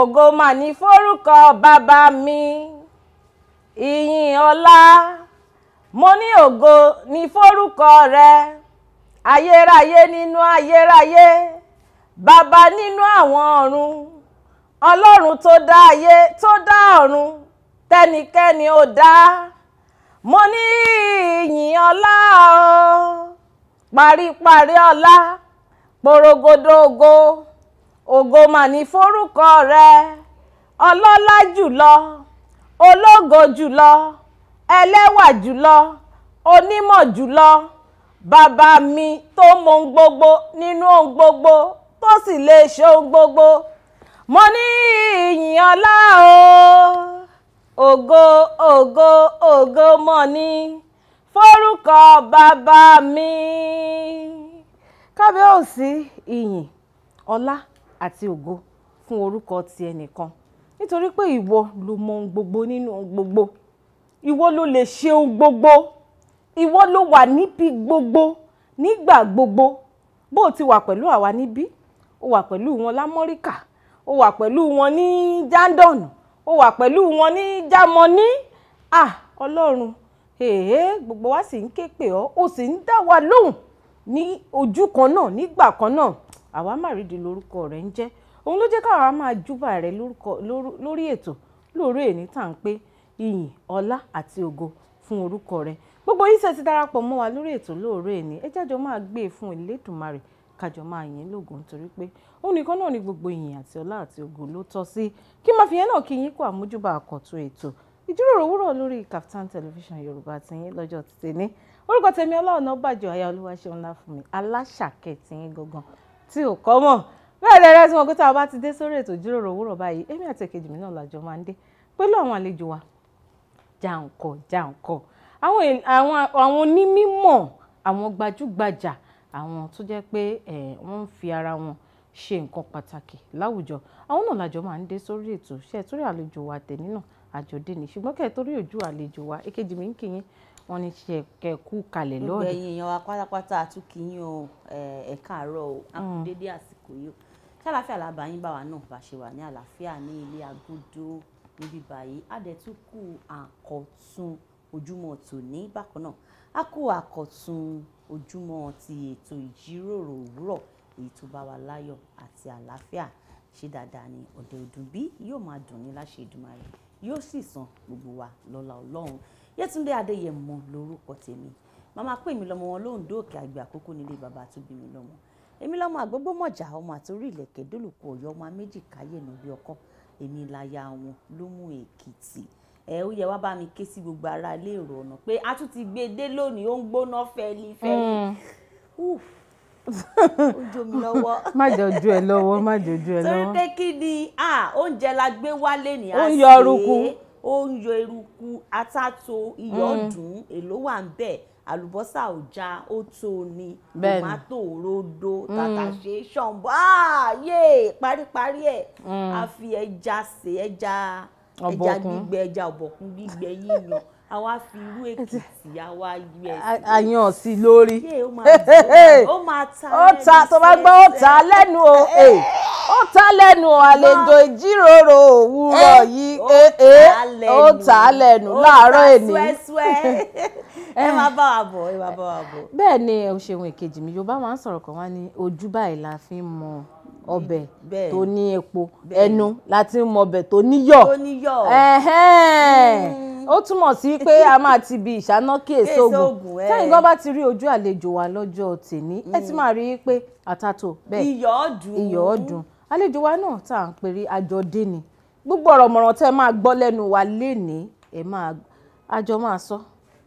ògo mà ní forúkọ bàbá mi ìyìn ọlá mo ní ògo ní forúkọ rẹ ayérayé nínú ayérayé bàbá nínú àwọn ọ̀run ọlọ́run tó dá ayé tó dá ọ̀run tẹnikẹ́ni ò dá mo ní ìyìn ọlá o paríparí ọlá porogodo ògo ògo mà ní forúkọ rẹ ọlọ́lá jùlọ ológo jùlọ ẹlẹ́wà jùlọ onímọ̀ jùlọ bàbá mi tó mọ ohun gbogbo nínú ohun gbogbo tó sì lè ṣe ohun gbogbo mo ní ìyìn ọlá o ògo ògo ògo mọ̀ ní forúkọ bàbá mi kábíyèsí ìyìn ọlá àti ògo fún orúkọ ti ẹnìkan nítorí pé ìwọ ló mọ ohun gbogbo nínú ohun gbogbo ìwọ ló lè ṣe ohun gbogbo ìwọ ló wà níbi gbogbo nígbà gbogbo bó ti wà pẹ̀lú àwa níbí o wà pẹ̀lú wọn lámọ́ríkà o wà pẹ̀lú wọn ní London o wà pẹ̀lú wọn ní Jámánì ah Ọlọ́run èèyàn hey, hey, gbogbo wa sì ń ké pè ọ́ o sì ń dá wa lóhùn ní ojú kan náà nígbà kan náà àwa màrídìí lórúkọ rẹ̀ ń jẹ́ òun ló jẹ́ káwa máa júbà rẹ̀ lórí ètò lóòrè èní tá à ń pé iyìn ọlá àti ògo fún orúkọ rẹ̀ gbogbo yìí ṣe ti darapọ̀ mọ́ wa lórí ètò lóòrè èní ẹ jájọ máa gbé e fún Elédùmarè kájọ máa yìn lógun torí pé òun nìkan náà ni gbogbo ìyìn àti ọlá àti ògo ló tọ́ sí kí máa fi yẹn náà kí yín kó àmójúbà àkọ́tún ètò ìjíròrò òwúrọ̀ lórí Kaftan television yorùbá ti yín lọ́jọ́ ti tèmi orúkọ tèmi Ọlá Ọ̀nàbàjọ́ aya Olúwaṣeun Ọláfúnmi aláṣàkẹ́ ti yín gangan tí ò kọ́ mọ̀ bẹ́ẹ̀ lẹ́rẹ́ tí wọn kó tá a bá ti dé sórí ètò ìjíròrò òwúrọ̀ báyìí èmi àti èkejì mi náà làjọ máa ń dé pẹ̀lú àwọn àlejò wa jàǹkọ̀ jàǹkọ̀ àwọn onímọ̀ àwọn gbajúgbajà àwọn tó jẹ́ pé wọ́n ń fi ara wọn ṣe nǹkan pàtàkì láwùjọ àwọn náà làjọ máa ń dé sórí ètò ṣe torí àlejò wa tèmi náà àjọdé ni ṣùgbọ́n kẹ́ẹ̀ torí ojú àlejò wa èkejì mi ń kí wọ́n ní ṣe kẹ́kú kalẹ̀ lónìí. gbogbo ẹ̀yin èèyàn wa pátápátá àtúkìyìn o ẹ káàárọ̀ o àkùdédé mm. àsìkò yìí o ṣé àlàáfíà làbà yín bá wa náà bá ṣe wà ní àlàáfíà ní ilé agodo níbí báyìí adẹ̀túnkù àkọ́tún ojúmọ́ tòní bákan náà a kú àkọ́tún ojúmọ́ ti ètò ìjíròrò òwúrọ̀ èyí tó bá wa láyọ̀ àti àlàáfíà ṣe dáadáa ni ọ̀dẹ̀ òdùnbí yóò máa dùn ní láṣẹ Èdùmàrè yóò sì san gbogbo wa lọ́lá Ọlọ́run Yétúndé Adéyẹmọ lórúkọ tèmi màmá pè mí lọ́mọ wọn lóńdó òkè àgbẹ̀ àkókò nílé bàbá tó bí mi lọ́mọ èmi lọ́mọ àgbógbómọ̀jà ọmọ àtórí ìlẹ̀kẹ̀ dólùkù ọ̀yọ́ ọmọ méjì káyé nù bí ọkọ èmi láya wọn ló mú èkìtì ẹ ó yẹ wá bá mi ké sí gbogbo ara ilé èrò ọ̀nà pé a tún ti gbé e dé lónìí ó ń gbóná fẹ́ẹ́lí hmm. fẹ́ẹ́lí ojú mi lọ́wọ́. má jọjú ẹ lọ́wọ́ má jọjú ẹ lọ́wọ́. torí pé kí ni oúnjẹ la gbé wálé ní àsè. ó ń ó ń yọ eruku atáto iyọ̀ mm. dùn èló wà ń bẹ̀ àlùbọ́sà ọ̀já ó tó ni tòmátò rodo mm. tàtàṣé ṣọ̀mbọ́ ààyè ah, paríparí ẹ̀ mm. a fi ẹja sè ẹja ẹja gbígbẹ ẹja ọ̀bọ̀kún gbígbẹ yíyan a wá fi irú èkìtì a wá yú ẹ sí. àyàn sí lórí ó máa ta lẹ́nu ó ta tó bá gbọ́ ó ta lẹ́nu o ó ta lẹ́nu o àlejò ìjíròrò òwúrọ̀ yìí ó ta lẹ́nu láàárọ̀ èní. ẹ máa bá wa bọ̀ ẹ máa bá wa bọ̀. bẹ́ẹ̀ ni o ṣeun èkejì mi yorùbá máa ń sọ̀rọ̀ kan wá ní ojú báyìí la fi ń mọ ọbẹ̀ tó ní epo ẹnu la mọ ọbẹ̀ tó níyọ̀. tó níyọ̀ ó túmọ̀ sí pé a máa ti bi ìṣáná kí èso ògùn tẹ́yìn gan bá ti rí ojú àlejò wa lọ́jọ́ tèmi ẹ ti mm. máa rí i pé àtàtò bẹ́ẹ̀ iyọ̀ ọ̀dùn àlejò wa náà tá ń pèrè àjọdé ni gbogbo ọ̀rọ̀ mọ̀ràn tẹ́ máa gbọ́ lẹ́nu wa lénìí ẹ̀ máa àjọ máa sọ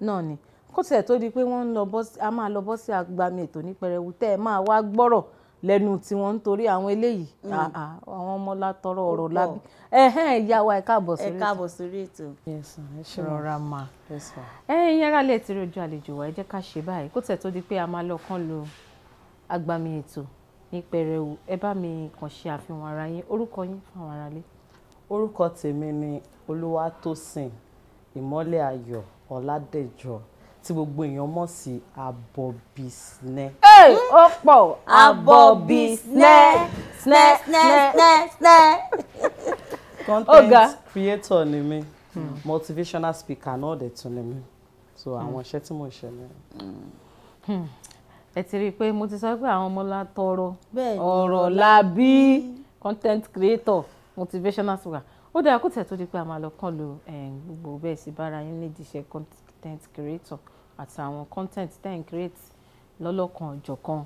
náà ni kó tiẹ̀ tó di pé wọ́n ń lọ bọ́ sí a máa lọ bọ́ sí agbami ètò ní pẹrẹwu tẹ́ ẹ máa wá gbọ́rọ̀ lẹ́nu tiwọn nítorí àwọn eléyìí mm. ah, ah, àwọn ọmọ látọrọ ọ̀rọ̀ lábí ẹ̀hẹ́n ìyá wa ẹ káàbọ̀ sórí ètò ẹ káàbọ̀ sórí ètò rọra mà ẹ̀yin yàrá lè ti rojú àlejò wa ẹ jẹ́ ká ṣe báyìí kó tẹ̀ tó di pé a máa lọ kán lo agbami ètò ní pẹrẹwu ẹ bá mi kàn ṣe àfihàn ara yín orúkọ yín fún àwọn aráalé. orúkọ tèmi ni olúwatósìn ìmọ́lẹ̀ ayọ̀ ọ̀ládẹ́jọ́ tí gbogbo èèyàn mọ̀ sí abọ́bísnẹ́. ẹ ó hmm? pọ̀ abọ́bísnẹ́ snẹ́ snẹ́ snẹ́ snẹ́. content creator ni mi hmm. motivational speaker náà dẹ̀ tún ni mi so àwọn hmm. iṣẹ́ tí mo ń ṣe ni ẹ ti rí i pé mo ti sọ pé àwọn ọmọ la tọrọ ọ̀rọ̀ la bí content creator motivational speaker ó dára kó tẹ̀ tó di pé a máa lọ kàn lo eh, gbogbo bẹ́ẹ̀ sí bára yín nídìí iṣẹ́ content creator àtàwọn content ten create lọ́lọ́kan ọ̀jọ̀kan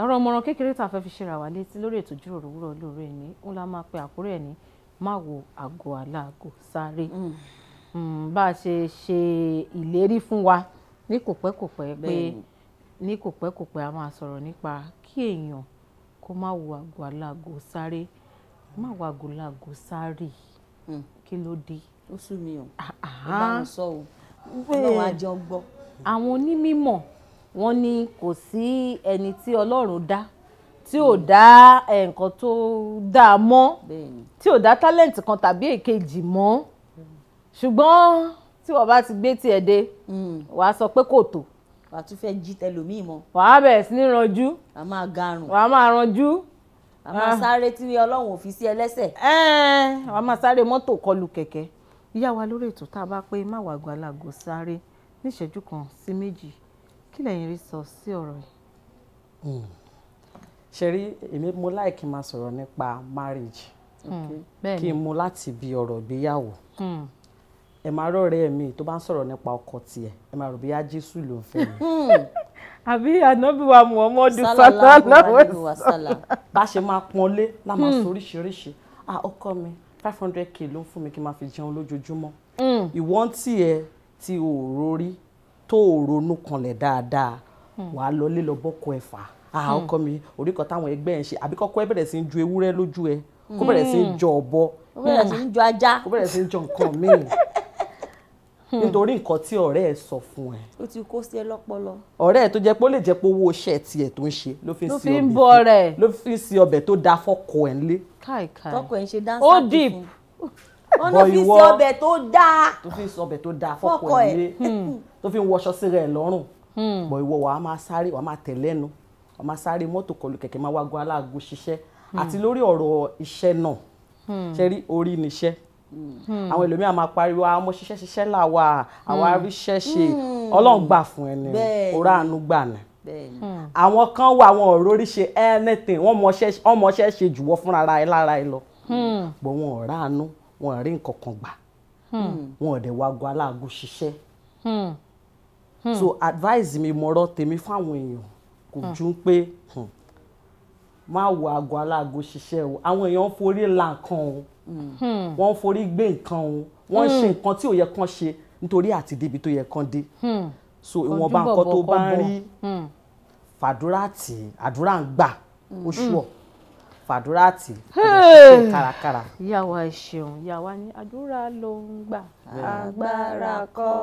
ẹ̀rọ ọmọràn kékeré tá a fẹ́ fi ṣe ra wá létí lórí ètò ìjíròrò òwúrọ̀ lóore ẹni ń la máa pe àkórí ẹni má wo àgọ́ aláàgọ́ sáré mm. hmm, bá a ṣe ṣe ìlérí fún wa ní kò pẹ́ kò pẹ́ pé ní kò pẹ́ kò pẹ́ a máa sọ̀rọ̀ nípa kí èèyàn kó má wo àgọ́ aláàgọ́ sáré má wo àgọ́ aláàgọ́ sáré mm. kí ló dé. ó sú mi o ó ah, bá wọn ah. sọ o ọlọ́run á jọ gbọ́ àwọn onímọ̀ wọ́n ní kò sí ẹni tí ọlọ́run dá tí ò hmm. dá eh, nǹkan tó dáa mọ́ tí ò dá tálẹ̀ǹtì kan tàbí èkejì mọ́ hmm. ṣùgbọ́n tí wọ́n bá ti gbé tiẹ̀ dé hmm. wàá sọ pé kò tó wàá tún fẹ́ jí tẹlòmíì mọ́. wàá bẹ̀rẹ̀ sí ní ranjú. wàá máa garùn. wàá máa ranjú. wàá máa ah. sáré tí ọlọ́run ò fi sí ẹlẹ́sẹ̀. Eh, wàá máa sáré mọ́tò kọlù kẹ̀kẹ́ yá wa lórí ètò tá a bá pé má wàá gbalago sáré ní ìṣẹ́jú kan sí méjì kí lẹ́yìn rí sọ sí ọ̀rọ̀ yìí. Hmm. ṣe rí èmi mo láìkí máa sọ̀rọ̀ nípa marriage hmm, kí n mú láti bí ọ̀rọ̀ ìgbéyàwó hmm. ẹ máa rọ̀rẹ́ mi tó bá ń sọ̀rọ̀ nípa ọkọ tiẹ̀ ẹ máa rò bí á jésù ló ń fẹ́ mi. àbí ànábìwá muhammadu sallallahu alaihi wasallam bá ṣe máa pọ́nlé la máa sọ oríṣiríṣi ah ọkọ mi five hundred k ló ń fún mi kí n máa fi jẹun lójoojúmọ́ ìwọ́n tiẹ̀ tí o ò rorí tó o ronú kanlẹ̀ dáadáa hmm. wàá lọlé lọ bọ́kọ ẹ̀ fà á hmm. ọkọ mi orí kan táwọn ẹgbẹ́ ẹ̀ ń ṣe àbí kọ́kọ́ ẹ bẹ̀rẹ̀ sí ń ju ewúrẹ́ lójú ẹ kó hmm. bẹ̀rẹ̀ sí ń jọ ọ̀bọ kó bẹ̀rẹ̀ sí ń jọ ajá kó bẹ̀rẹ̀ sí ń jọ nǹkan míì nítorí nǹkan tí ọ̀rẹ́ ẹ sọ fún ẹ. ó ti kó sí ẹ lọ́pọlọ. ọ̀rẹ́ ẹ tó jẹ́ pé ó lè jẹ́ pé owó iṣẹ́ tiẹ̀ tó ń ṣe ló fi ń bọ ló fi ń ọbẹ̀ tó da fọ́kọ ẹ̀ ńlé. káìkáì tọkọ ẹ̀ ń ṣe dáńsà tuntun. ó dìp ọ̀nà fi ṣe ọbẹ̀ tó dáa tó fi ṣe ọbẹ̀ tó dáa fọ́kọ ẹ̀ hmm. tó fi ń wọṣọ sí rẹ̀ lọ́rùn hmm. bọ̀ ìwọ wàá máa sáré wàá máa tẹ̀lé ẹnu wàá máa sáré mọ́tò kọlù kẹ̀kẹ́ máa wágun aláàgó ṣiṣẹ́ hmm. àti lórí ọ̀rọ̀ iṣẹ́ náà ṣe rí orí níṣẹ́ àwọn ẹlòmíràn máa pariwo àmọ́ ṣiṣẹ́ ṣiṣẹ́ làwà àwọn aríṣẹ́ ṣe ọlọ́run gbà fún ẹni ọ̀rọ̀ àánú gbà ní àwọn kan wà àwọn ọ̀rọ̀ orí ṣe anything wọ́n mọṣẹ́ ṣe jùwọ́ fúnra ẹ lára ẹ lọ bọ̀ wọn ọ̀rá àánú wọn rí nǹkan kan gbà hmm. wọn ò dẹ̀ wá ago aláàgó ṣiṣẹ́ hmm. Hmm. so advice mi mọ̀rọ̀ tèmi fáwọn èèyàn kò ju pé má wo ago aláàgó ṣiṣẹ́ o àwọn èèyàn ń forí la nǹkan o wọ́n ń forí gbé nǹkan o wọ́n ń ṣe nǹkan tí ò yẹ kán ṣe nítorí àti débi tó yẹ kán dé so ìwọ̀nba nǹkan tó bá ń rí fàdúrà tì àdúrà ń gbà ó ṣùọ̀ fàdúrà tì í kárakára. ìyá wa ẹ ṣeun ìyá wa ní àdúrà ló ń gbà agbára kọ́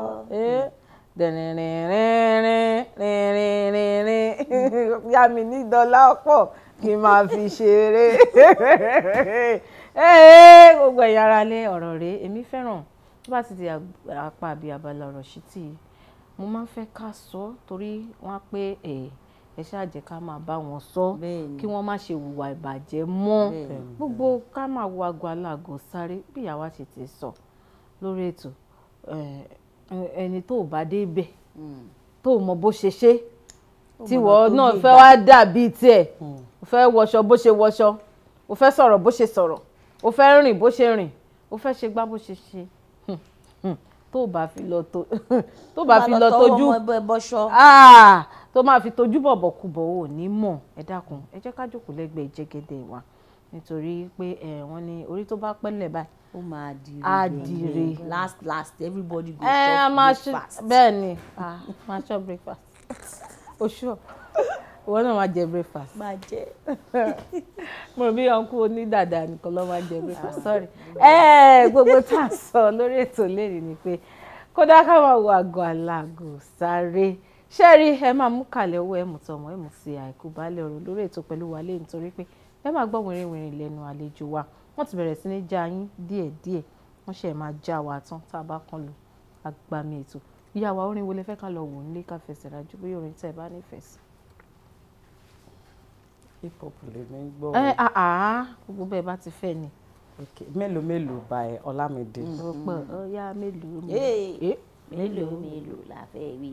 dẹ̀rẹ̀rẹ̀rẹ̀rẹ̀rẹ̀rẹ̀rẹ̀ yá mi ní dọ́là ọ̀pọ̀ kí n máa fi ṣeré gbogbo ẹ̀yà ara lé ọ̀rọ̀ rẹ̀ èmi fẹ́ràn tó bá ti di apá àbí abala ọ̀rọ̀ sí tì mo máa ń fẹ́ ká sọ torí wọ́n á pé ẹ ṣáà jẹ́ ká máa bá wọn sọ kí wọ́n má ṣe hùwà ìbàjẹ́ mọ́ gbogbo ká máa wo aago aláàgọ sáré bí ìyàwó ṣe ti sọ lórí ètò ẹni tó bá dé ibẹ̀ hmm. tó mọ bó ṣe ṣe tíwọ́ náà fẹ́ wá dàbí tiẹ̀ hmm. o fẹ́ wọṣọ bó ṣe wọṣọ o fẹ́ sọ̀rọ̀ bó ṣe sọ̀rọ̀ o fẹ́ rìn bó ṣe rìn o fẹ́ ṣe gbá bó ṣe ṣe hmm. tó bá fi lọ tójú tó máa fi tojú bọ̀bọ̀ kú bọ̀ ò ní mọ̀ ẹ dákun ẹ jẹ́ ká jókòó lẹ́gbẹ̀ẹ́ jẹ́gẹ́dẹ́ wa nítorí pé ẹ wọ́n ní orí tó bá pẹ́lẹ̀ báyìí ó máa dire adire last last everybody go eh, chop breakfast bẹ́ẹ̀ ni ah máa chop breakfast oṣù ìwọ náà máa jẹ breakfast máa jẹ mo rò bí ọkùn onídàdà nìkan ló máa jẹ breakfast ah, sorry gbogbo tá a sọ lórí ètò lẹ́yìn ni pé kódà ká máa wo àgọ́ aláàgọ́ sáré ṣé rí ẹ máa mú kalẹ̀ owó ẹ mú tọmọ ẹ mú sí àìkú balẹ̀ ọ̀rọ̀ lórí ètò pẹ̀lú wa lẹ́yìn torí pé ẹ máa gbọ́ wìrìwìrì lẹ́nu àlejò wa wọ́n ti bẹ̀rẹ̀ sí ní já yín díẹ̀díẹ̀ wọ́n ṣe máa já wa tán tá a bá kàn lù agbami ètò ìyá wa orin wo lẹ fẹ́ ká lọ wò nílé ká fẹsẹ̀ rájú bóyá orin tẹ́ ẹ bá nífẹ̀ẹ́ sí. hip hop lè mi gbọ́. ẹ àá gbogbo bẹ́ẹ̀ bá ti fẹ́ ni. mélòó mélòó by Ọlámídé. ó pọ̀ mélòó mélòó. Eh? mélòó mélòó la fẹ́ wí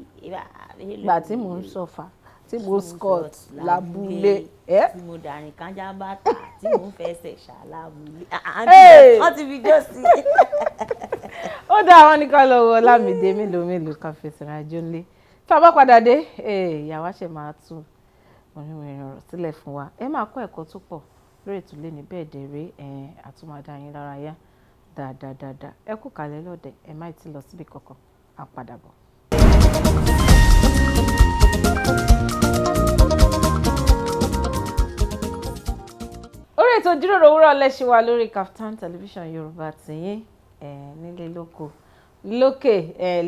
ìgbà tí mò ń sọ̀fà tí mo scott lábúlé ẹ. tí mo dàrin kájà bàtà tí mo fẹsẹ̀ ṣàlábùlé ah, ah, wọ́n ti fi jó sí i. ó dá àwọn nìkan lọ́wọ́ lámìdé mélòó mélòó kan fèsì rájò ńlé tá a bá padà dé eh, ìyàwó àṣẹ máa tù oníwèé ọ̀rọ̀ sílẹ̀ fún wa ẹ máa kọ́ ẹ̀kọ́ tó pọ̀ lórí ètò lẹ́ni bẹ́ẹ̀ dẹ̀rẹ́ àtúmọ̀dá yín lára yá dáadáa dáadáa ẹ kú kàlẹ́ lọ́dẹ̀ ẹ má ti lọ síbi kankan á padà bọ̀. orí ètò ìjíròrò òwúrọ̀ lẹ́sìn wa lórí Kaftan television yorùbá tìyín nílé lóko lókè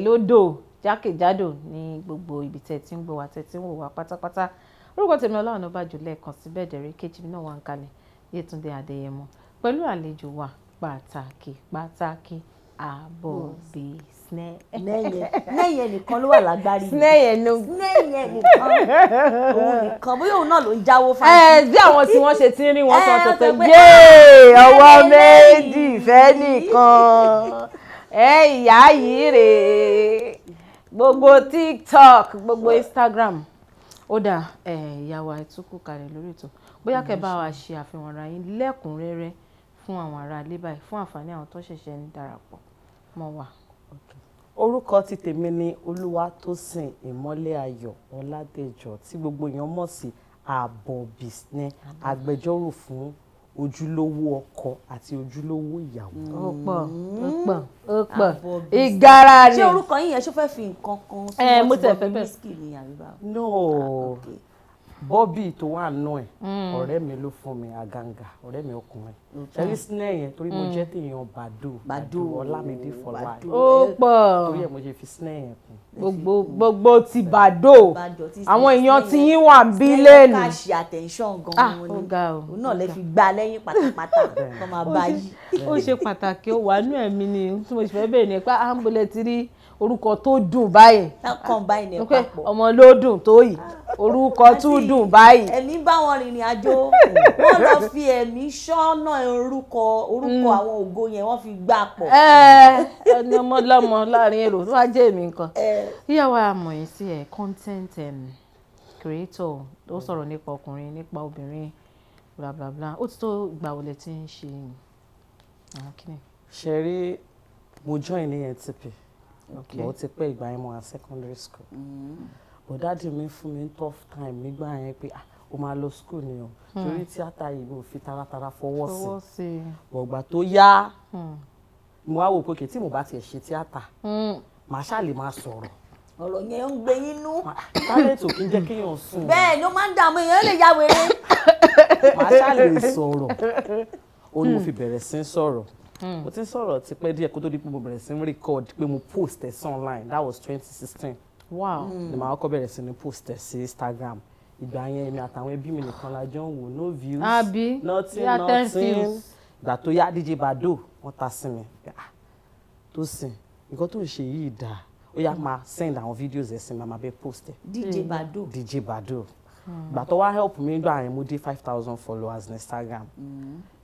lódò jákèjádò ní gbogbo ibi tẹ́ ti ń gbọ́ wa tẹ́ ti ń wò wá pátápátá orúkọ tèmi Ọlá Ọ̀nàbàjọ́ lẹ́ẹ̀kan sí bẹ́ẹ̀ dẹ̀rẹ́ kejì mi náà wà ń kalẹ̀ Yétúndé Adéyẹmọ pẹ̀lú àlejò wa pàtàkì pàtàkì àbọ̀bí snare. snare snare nìkan ló wà lágbárí. snare ló. snare nìkan òun nìkan bóyá òun náà ló ń jáwó fáwọn. ẹ eh, bí àwọn tí wọ́n ṣe ti ń rí wọn sọ eh, sọ pé yéé ah, ọwọ́ méjì fẹ́ nìkan ẹ eh, ìyá yìí rèé gbogbo tiktok gbogbo instagram ó dà ẹ ìyàwó àìtúkù kalẹ̀ lórí ètò bóyá kẹ́ bá wa ṣe àfihàn ara yín lẹ́kùnrẹ́rẹ́ fún àwọn ará ilé báyìí fún àǹfààní àwọn tó ṣẹ̀ṣẹ̀ ń darapọ̀ mọ́ wa orúkọ ti tèmi ni Olúwatósìn Ìmọ́lẹ̀ Ayọ̀ Ọládèjọ tí gbogbo èèyàn mọ̀ sí àbọ̀bì ní agbẹjọ́rò fún ojúlówó ọkọ àti ojúlówó ìyàwó. Mm. ó pọ̀ ó mm. pọ̀ ó pọ̀ ìgara ni. ṣé orúkọ yín yẹn ṣó fẹ́ fi nǹkan kan sí ọtí bọ́ọ̀bì mísíkì ni no. Ah, okay bọ́bì tó wà nù ẹ̀ mm. ọ̀rẹ́ mi ló fún mi àgàǹgà ọ̀rẹ́ mi ọkùnrin ṣẹ́rí sílẹ̀ yẹn torí mo mm. jẹ́ tèèyàn bàdó bàdó ọlámídé for life ó pọ̀ torí ẹ̀ mo ṣe fi sílẹ̀ yẹn kù. gbogbo gbogbo ti bàdó àwọn èèyàn ti yín wà ń bí lẹ́nu. sílẹ̀ káàṣì àtẹ̀ǹṣọ̀n gan-an mo ah, ní òun náà lè fi gbá lẹ́yìn pátápátá kó máa bá yí. ó ṣe pàtàkì ó wà nú ẹ̀mí ni tí mo sì fẹ́ bẹ̀rẹ̀ nípa ambulance rí orúkọ tó dùn báyìí. tákàn báyìí ní papọ̀. ọmọ ló dùn tó yìí ah, orúkọ tó dùn báyìí. ẹ̀mí bá rìnrìn àjò wọ́n lọ fi ẹ̀mí ṣọ́nà orúkọ orúkọ mm. àwọn ògo yẹn wọ́n fi gbà pọ̀. ẹni ọmọ lọmọ láàrin èrò tó wá jẹ́ èmi nǹkan. yíyàwó amòye sí ẹ content creator ó sọ̀rọ̀ nípa ọkùnrin nípa obìnrin bla bla bla ó ti tó ìgbà wo lẹ ti ń ṣe. ṣe rí mo join NTP but ó ti pẹ́ ìgbà yẹn mo wà secondary school mm-hmm. but dáàdì mi for me tough time nígbà yẹn pé ah o máa lọ school ni o hmm. torí tíátà yìí mi ò fi taratara fọwọ́ sí ọgbà tó yá hmm. mo wá wò pé kì tí mo bá tiẹ̀ ṣe tíátà hmm. màá ṣáà lè máa sọ̀rọ̀ ọ̀rọ̀ yẹn ń gbé yín nú. Ah, tálẹ̀tì ò kí ń jẹ́ kéèyàn sùn. bẹ́ẹ̀ ló máa ń dààmú èèyàn lè ya wèrè. màá ṣáà lè sọ̀rọ̀ òun mo fi bẹ̀rẹ̀ sí sọ̀rọ̀ Mm. mo ti ń sọ̀rọ̀ ti pẹ́ díẹ̀ kó tó di pé mo bẹ̀rẹ̀ sí ń record pé mo post ẹ̀ sí online that was twenty sixteen. wow mm. ni màá kọ́ bẹ̀rẹ̀ sí ní post ẹ̀ sí Instagram ìgbà yẹn èmi àtàwọn ẹbí mi nìkan la jọ ń wò no views Abi, nothing nothing ìgbà tó yá DJ Badoo wọ́n ta sí mi ah, tó sìn nǹkan tó ń ṣe yìí dáa ó yá máa send àwọn videos ẹ̀ sí mi màmá post ẹ̀. DJ mm. Badoo DJ Badoo hmm. gbà tó wá help mi gbà yẹn mo dé five thousand followers ní Instagram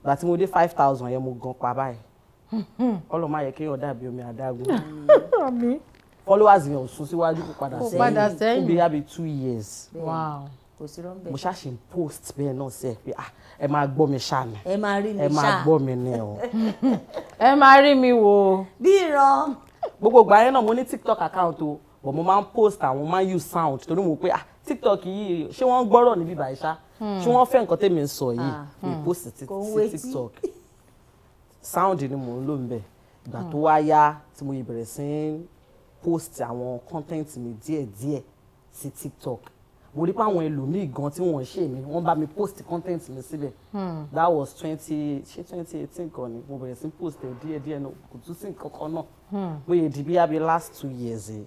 gbà tí mo dé five thousand yẹn mo gan pa báyìí ọlọ́mọ ayẹ kéèyàn dàbí omi adágún followers yẹn ò sún síwájú kó padà sẹ́yìn ó bí yàbí two years mo ṣáṣì ń post bẹ́ẹ̀ náà sẹ́ẹ̀ pé ah ẹ máa gbọ́ mi ṣáàmì ẹ máa rí mi ṣáà ẹ máa gbọ́ mi ní o ẹ máa rí mi wò ó. bí irọ́. gbogbo ìgbà yẹn náà mo ní tiktok account o but mo máa ń post àwọn máa ń use sound torí mo pé ah tiktok yìí ṣé wọ́n ń gbọ́rọ̀ níbí bàyíṣá hmm. ṣé wọ́n fẹ́ nǹkan tèmi ń sọ yìí ah, mi hmm. post sí tiktok sound ni mò ń lò ń bẹ̀ ìgbà tó hmm. wá yá tí mo bẹ̀rẹ̀ sí ń post àwọn content mi díẹ̀díẹ̀ sí tiktok mo rí pé àwọn ẹlòmíì gan tí wọ́n ṣe mí wọ́n bá mi post content mi síbẹ̀ hmm. that was twenty ṣé twenty eighteen kan ni mo bẹ̀rẹ̀ sí post ẹ̀ díẹ̀díẹ̀ náà kò tún sí nǹkan kan náà hmm. mo yẹ di bí abi last two years ẹ̀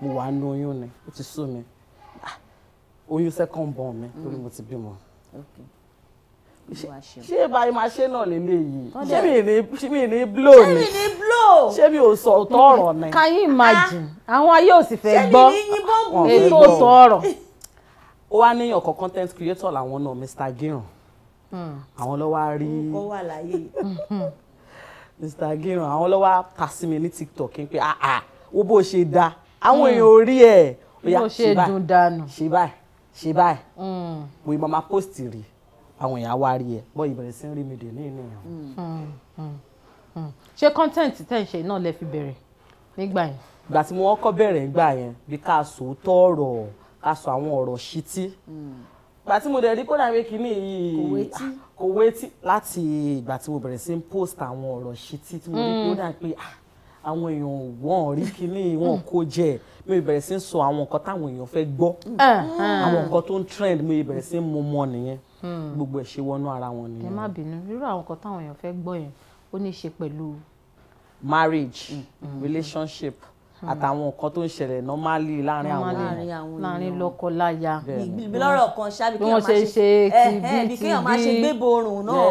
mo wà nínú oyún ni ó ti sú mi ah, oyún second born mi torí mo ti bímọ. Okay ṣé báyìí máa ṣe náà lélẹ́yìí ṣé mi ní blow ni ṣé mi ò sọ ọ̀tọ̀ ọ̀rọ̀ ni. can you imagine ah. àwọn ayé ò sì fẹ́ gbọ́ ètò ọ̀tọ̀ ọ̀rọ̀. ó wá níyàn kan content creator làwọn náà Mr Giran hmm. àwọn ló wá rí hmm. Mr Giran àwọn ló wá kà sí mi ní TikTok kí n pé ah ah wo bó ṣe da àwọn hmm. èèyàn ò rí ẹ̀ ó yà ṣe báyìí ṣe báyìí ṣe báyìí mo ì máa ma post rí i àwọn èèyàn wá rí ẹ bọ́ ìbẹ̀rẹ̀ sí rí mi dè ní ènìyàn. Hmm, hmm, hmm, ṣé kọ́ńtẹ́ǹtì tẹ̀ ń ṣe náà lẹ fi bẹ̀rẹ̀ nígbà yẹn. ìgbà tí mo kọ́kọ́ bẹ̀rẹ̀ nígbà yẹn bí ká sòótọ́ ọ̀rọ̀ ká sọ àwọn ọ̀rọ̀ ṣítí ìgbà tí mo dẹ̀ rí kódà pé kínní yìí kò wétí láti ìgbà tí mo bẹ̀rẹ̀ sí post àwọn ọ̀rọ̀ ṣítí tí mo rí kódà pé ah, àwọn èèyàn wọ́n rí kínní wọn kó jẹ́ mo bẹ̀rẹ̀ sí ń sọ àwọn nǹkan táwọn èèyàn fẹ́ gbọ́ àwọn nǹkan tó ń trend mo bẹ̀rẹ̀ sí ń mọ́ nìyẹn gbogbo ẹ̀ ṣe wọnú ara wọn nìyẹn. ẹ má bínú irú àwọn kan táwọn èèyàn fẹ́ gbọ́ yẹn ó ní í ṣe pẹ̀lú. marriage mm, mm, mm. relationship àtàwọn nǹkan tó ń ṣẹlẹ̀ normally láàrin àwọn èèyàn láàrin lọ́kọ láya. ìgbìmí lọ́rọ̀ kan ṣáàbí kí wọ́n máa ṣe bí kéèyàn máa ṣe gbébo oorun náà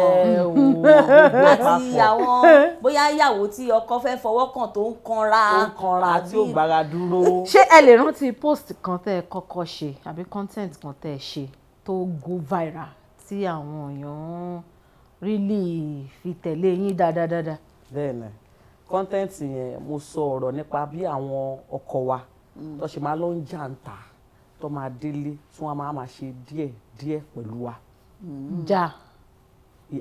àti àwọn bóyá ìyàwó tí ọkọ fẹ́ fọwọ́ kàn tó ń kanra. tó ń kanra tí ò gbára dúró. ṣé ẹ lè rántí post kan tẹ́ ẹ kọ́kọ́ ṣe àbí content kan tẹ́ ẹ ṣe tó go viral tí àwọn èèyàn rílì fi tẹ̀lé yín dáadáa. bẹ́ẹ̀ni kọ́ńtẹ́ǹtì yẹn mo sọ ọ̀rọ̀ nípa bí àwọn ọkọ wa mm. tó ṣe máa lọ ń jà ń ta tó máa délé tí wọ́n máa máa ṣe díẹ̀ díẹ̀ pẹ̀lú wa. jà. Mm. Ja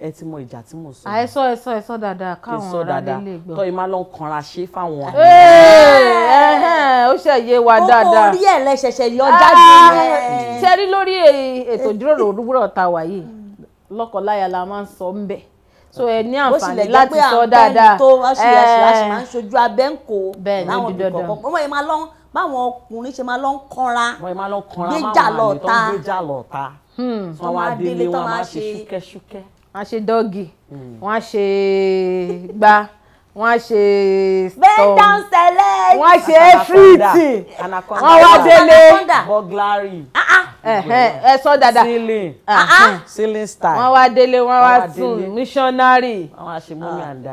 ẹ ti mọ ìjà tí mo sọ. àìsọ ẹsọ ẹsọ dáadáa káwọn ọ̀rá lè lè gbọ́. tọ́ ìmá lọ kanra ṣe fáwọn. ó ṣe yé wa dáadáa. orí ẹ̀ lẹ́sẹ̀sẹ̀ yọ ah, jáde rẹ̀. ṣe rí lórí ètò ìjíròrò òwúrọ̀ ta wà yìí hmm. lọ́kọ̀láyà la máa ń sọ ń bẹ̀ so ẹ ní àǹfààní láti sọ dáadáa. bó tilẹ̀ jẹ́ pé àǹfààní tó aṣèwàṣì eh. máa ń ṣojú abẹ́ ń kó láwọn olùkọ́ báwọn ọkùnrin ṣe máa lọ ń kanra gbéjà lọ́ta. Hmm. wọ́n máa délé tán máa ṣe ṣúkẹ́ṣúkẹ́ wọ́n á ṣe dọ́gì hmm. wọ́n á ṣe gbá wọ́n á ṣe storm wọ́n á ṣe everything wọ́n wá délé burglary ẹ sọ dada ceiling ceiling style wọ́n wá délé wọ́n wá sùn missionary.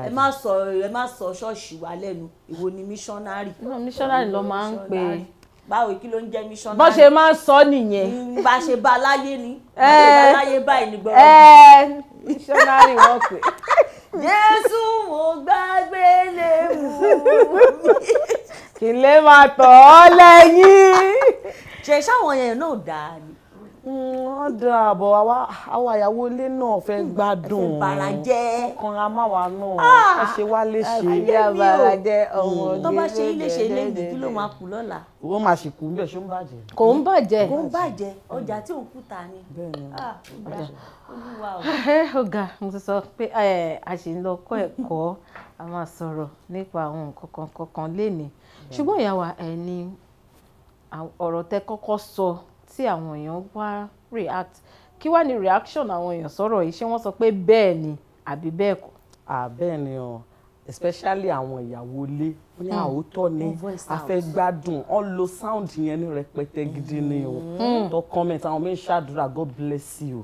ẹ má sọ ẹ má sọ ṣọ́ọ̀ṣì wa lẹ́nu ìwo ni missionary. missionary ló máa ń pè é báwo kí ló ń jẹ́ missionary. bó ṣe máa ń sọ nìyẹn. bá a ṣe bá a láyé ni. bá a ṣe bá a eh, láyé báyìí ni gbọ́dọ̀. Eh, dictionary wọn pè jésù mo gbàgbé lè mú kí n lè máa tọ̀ ọ́ lẹ́yìn. ṣe ṣáwọn yẹn náà dáa ni. wọ́n dá àbọ̀ àwa ilé náà fẹ́ gbádùn amáwa náà ah! ṣe wá léṣe. Hmm. tó bá ṣe ilé ṣe ilé máa kú lọ́la. ń bàjẹ́. kò ń bàjẹ́. ń bàjẹ́ ọjà ni. Ah, ọ̀gá mo ti sọ pé a ṣì ń lọ kọ́ ẹ̀kọ́ a máa sọ̀rọ̀ nípa àwọn nǹkan kankan lénìí ṣùgbọ́n ìyàwó ẹni ọ̀rọ̀ tẹ kọ́kọ́ sọ. tí àwọn èèyàn wá react kí wàá ní reaction àwọn èèyàn sọ̀rọ̀ yìí ṣé wọ́n sọ pé bẹ́ẹ̀ ni àbí bẹ́ẹ̀ kọ́. àbẹ́ẹ̀ ni o especially àwọn ìyàwó ilé ní mm. àwòtọ́ ni a fẹ́ gbádùn ọ lo sound yẹn ní rẹpẹtẹ gidi ni o mm. tó comment àwọn mi ń ṣàdúrà God bless you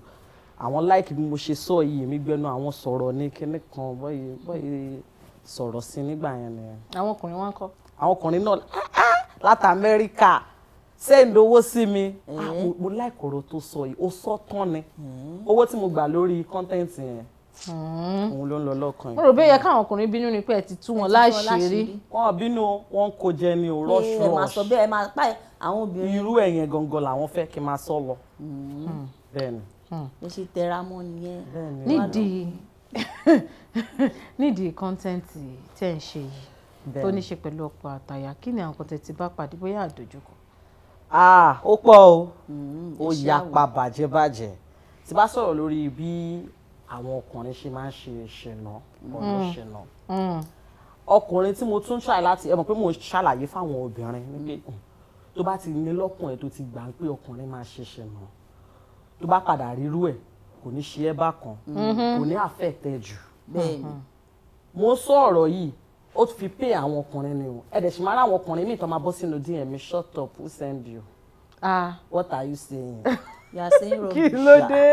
àwọn like bí mo ṣe sọ yìí mi gbẹnu àwọn sọ̀rọ̀ ní kinní kan bọ́yì bọ́yì sọ̀rọ̀ sí nígbà yẹn ni. àwọn ọkùnrin wọn kọ. àwọn ọkùnrin náà ah, ah, láti Amẹ́ríkà send owó sí mi mm-hmm. ah, mo like ọ̀rọ̀ tó sọ yìí ó sọ tán ni mm-hmm. owó tí mo gbà lórí content yẹn mm-hmm. òun ló ń lọ lọ́kàn yìí. mo rò bẹ́ẹ̀ yẹ káwọn ọkùnrin bínú ni pé ẹ ti tú wọn láṣìírí. wọn bínú wọn kò jẹ ni ò rush rush. ẹ máa sọ bẹ́ẹ̀ ẹ máa pa àwọn obìnrin. irú ẹ̀yẹn gangan làwọn fẹ́ kí n máa sọ lọ. Hmm. bẹ́ẹ̀ hmm. mo ṣe tẹra mọ́ nìyẹn. nídìí nídìí kọ́ńtẹ́ǹtì tẹ́ ń ṣe yìí tó ní ṣe pẹ̀lú ọkọ àtàyà kí ni àwọn kan ti bá pàdé bóyá àdójúkọ. Ah, ó pọ̀ o hmm, ó yapa bàjẹ́ bàjẹ́ tí bá sọ̀rọ̀ lórí bí àwọn ọkùnrin ṣe máa ń ṣe ṣìnà hmm. ọ̀nà ṣìnà hmm. ọkùnrin tí mo tún ṣàì láti ẹ mọ̀ pé mo ṣàlàyé fáwọn obìnrin nígbè tó bá ti ní lọ́kùn ẹ̀ tó ti gbà pé ọkùnrin máa ṣe ṣìnà tó bá padà rírú ẹ̀ kò ní ṣe ẹ́ bákan kò ní àfẹ́tẹ̀ jù mo sọ ọ̀rọ̀ yìí ó fi pé àwọn ọkùnrin ni o ẹ dẹ̀ sì máa ráwọn ọkùnrin míì tó máa bọ́ sínú dm shut up who send you ah what are you saying you are saying wrong kí ló dé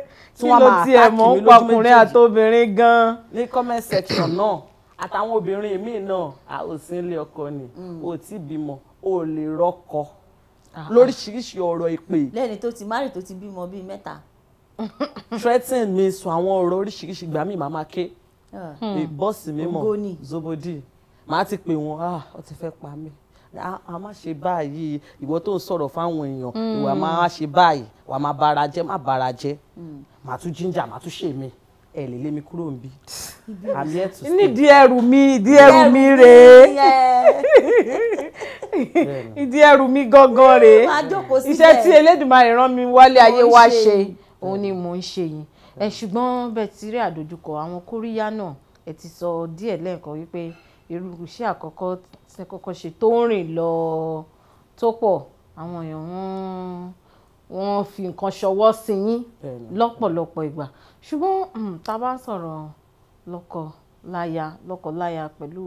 kí ló tiẹ̀ mọ̀ ń pa ọkùnrin àtobìnrin gan ní comment section náà àtàwọn obìnrin míì náà a ò sí ilé ọkọ ni hmm. o ò bímọ o lè rọ́kọ ah. lóríṣiríṣi ọ̀rọ̀ ìpè. lẹ́ni tó ti márì tó ti bímọ bíi mẹ́ta. threaten mi sọ àwọn ọ̀rọ̀ oríṣiríṣi gbà mí màmá ké ìbọ́sì hmm. mímọ̀ zobodi màá ti pè wọ́n ah ó ti fẹ́ pa mí a má ṣe báyìí ìwọ tó ń sọ̀rọ̀ fáwọn èèyàn hmm. ìwà máa ṣe báyìí wà máa bara jẹ́ má bara jẹ́ hmm. màá tún jíjà màá tún ṣe mí ẹ lè lé mi kúrò níbí àmì ẹ tún sí. nídìí ẹrù mi ìdí ẹrù mi rèé ìdí ẹrù mi gangan rèé iṣẹ́ tí Elédùmarè rán mi wálé ayé wá ṣe òun ni mò ń ṣe yìí ẹ ṣùgbọ́n bẹ́ẹ̀ ti rí àdójúkọ àwọn kóríyá náà ẹ ti sọ díẹ̀ lẹ́ẹ̀kan wípé irú iṣẹ́ àkọ́kọ́ tẹ kọ́kọ́ ṣe tó ń rìn lọ tó pọ̀ àwọn èèyàn wọ́n wọ́n fi nǹkan ṣọwọ́ sí yín lọ́pọ̀lọpọ̀ ìgbà ṣùgbọ́n hmm, tá a bá sọ̀rọ̀ lọ́kọ-láya pẹ̀lú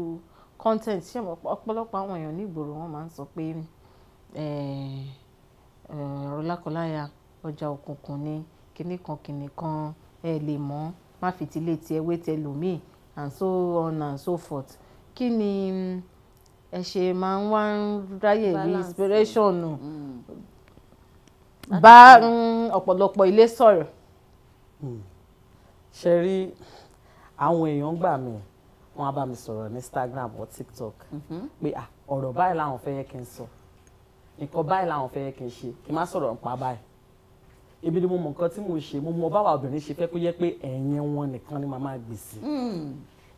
content ṣé ọ̀pọ̀lọpọ̀ àwọn èèyàn nígboro wọ́n máa ń sọ pé ọ̀rọ̀ lákọláya ọjà òkùnkùn ni kinní kan kinní kan ẹ lè mọ̀ má fi tilé tiẹ̀ wé tẹ lòmíì and so on and so forth kí ni mm, ẹ ṣe máa ń wá ráyè rí inspiration nù mm. bá mm, ọ̀pọ̀lọpọ̀ ilé sọ̀rọ̀. Hmm. ṣe rí àwọn èèyàn gbà mí wọn á bá mi sọ̀rọ̀ ní Instagram or TikTok mm-hmm. pé ọ̀rọ̀ báyìí làwọn fẹ́ yẹ kí n sọ nǹkan báyìí làwọn fẹ́ yẹ kí n ṣe kí n má sọ̀rọ̀ nípa báyìí èmi ni mo mọ nǹkan tí mo ṣe mo mọ báwa obìnrin ṣe fẹ́ kó yẹ pé ẹ̀yìn wọn nìkan ni màá máa gbè sí hmm.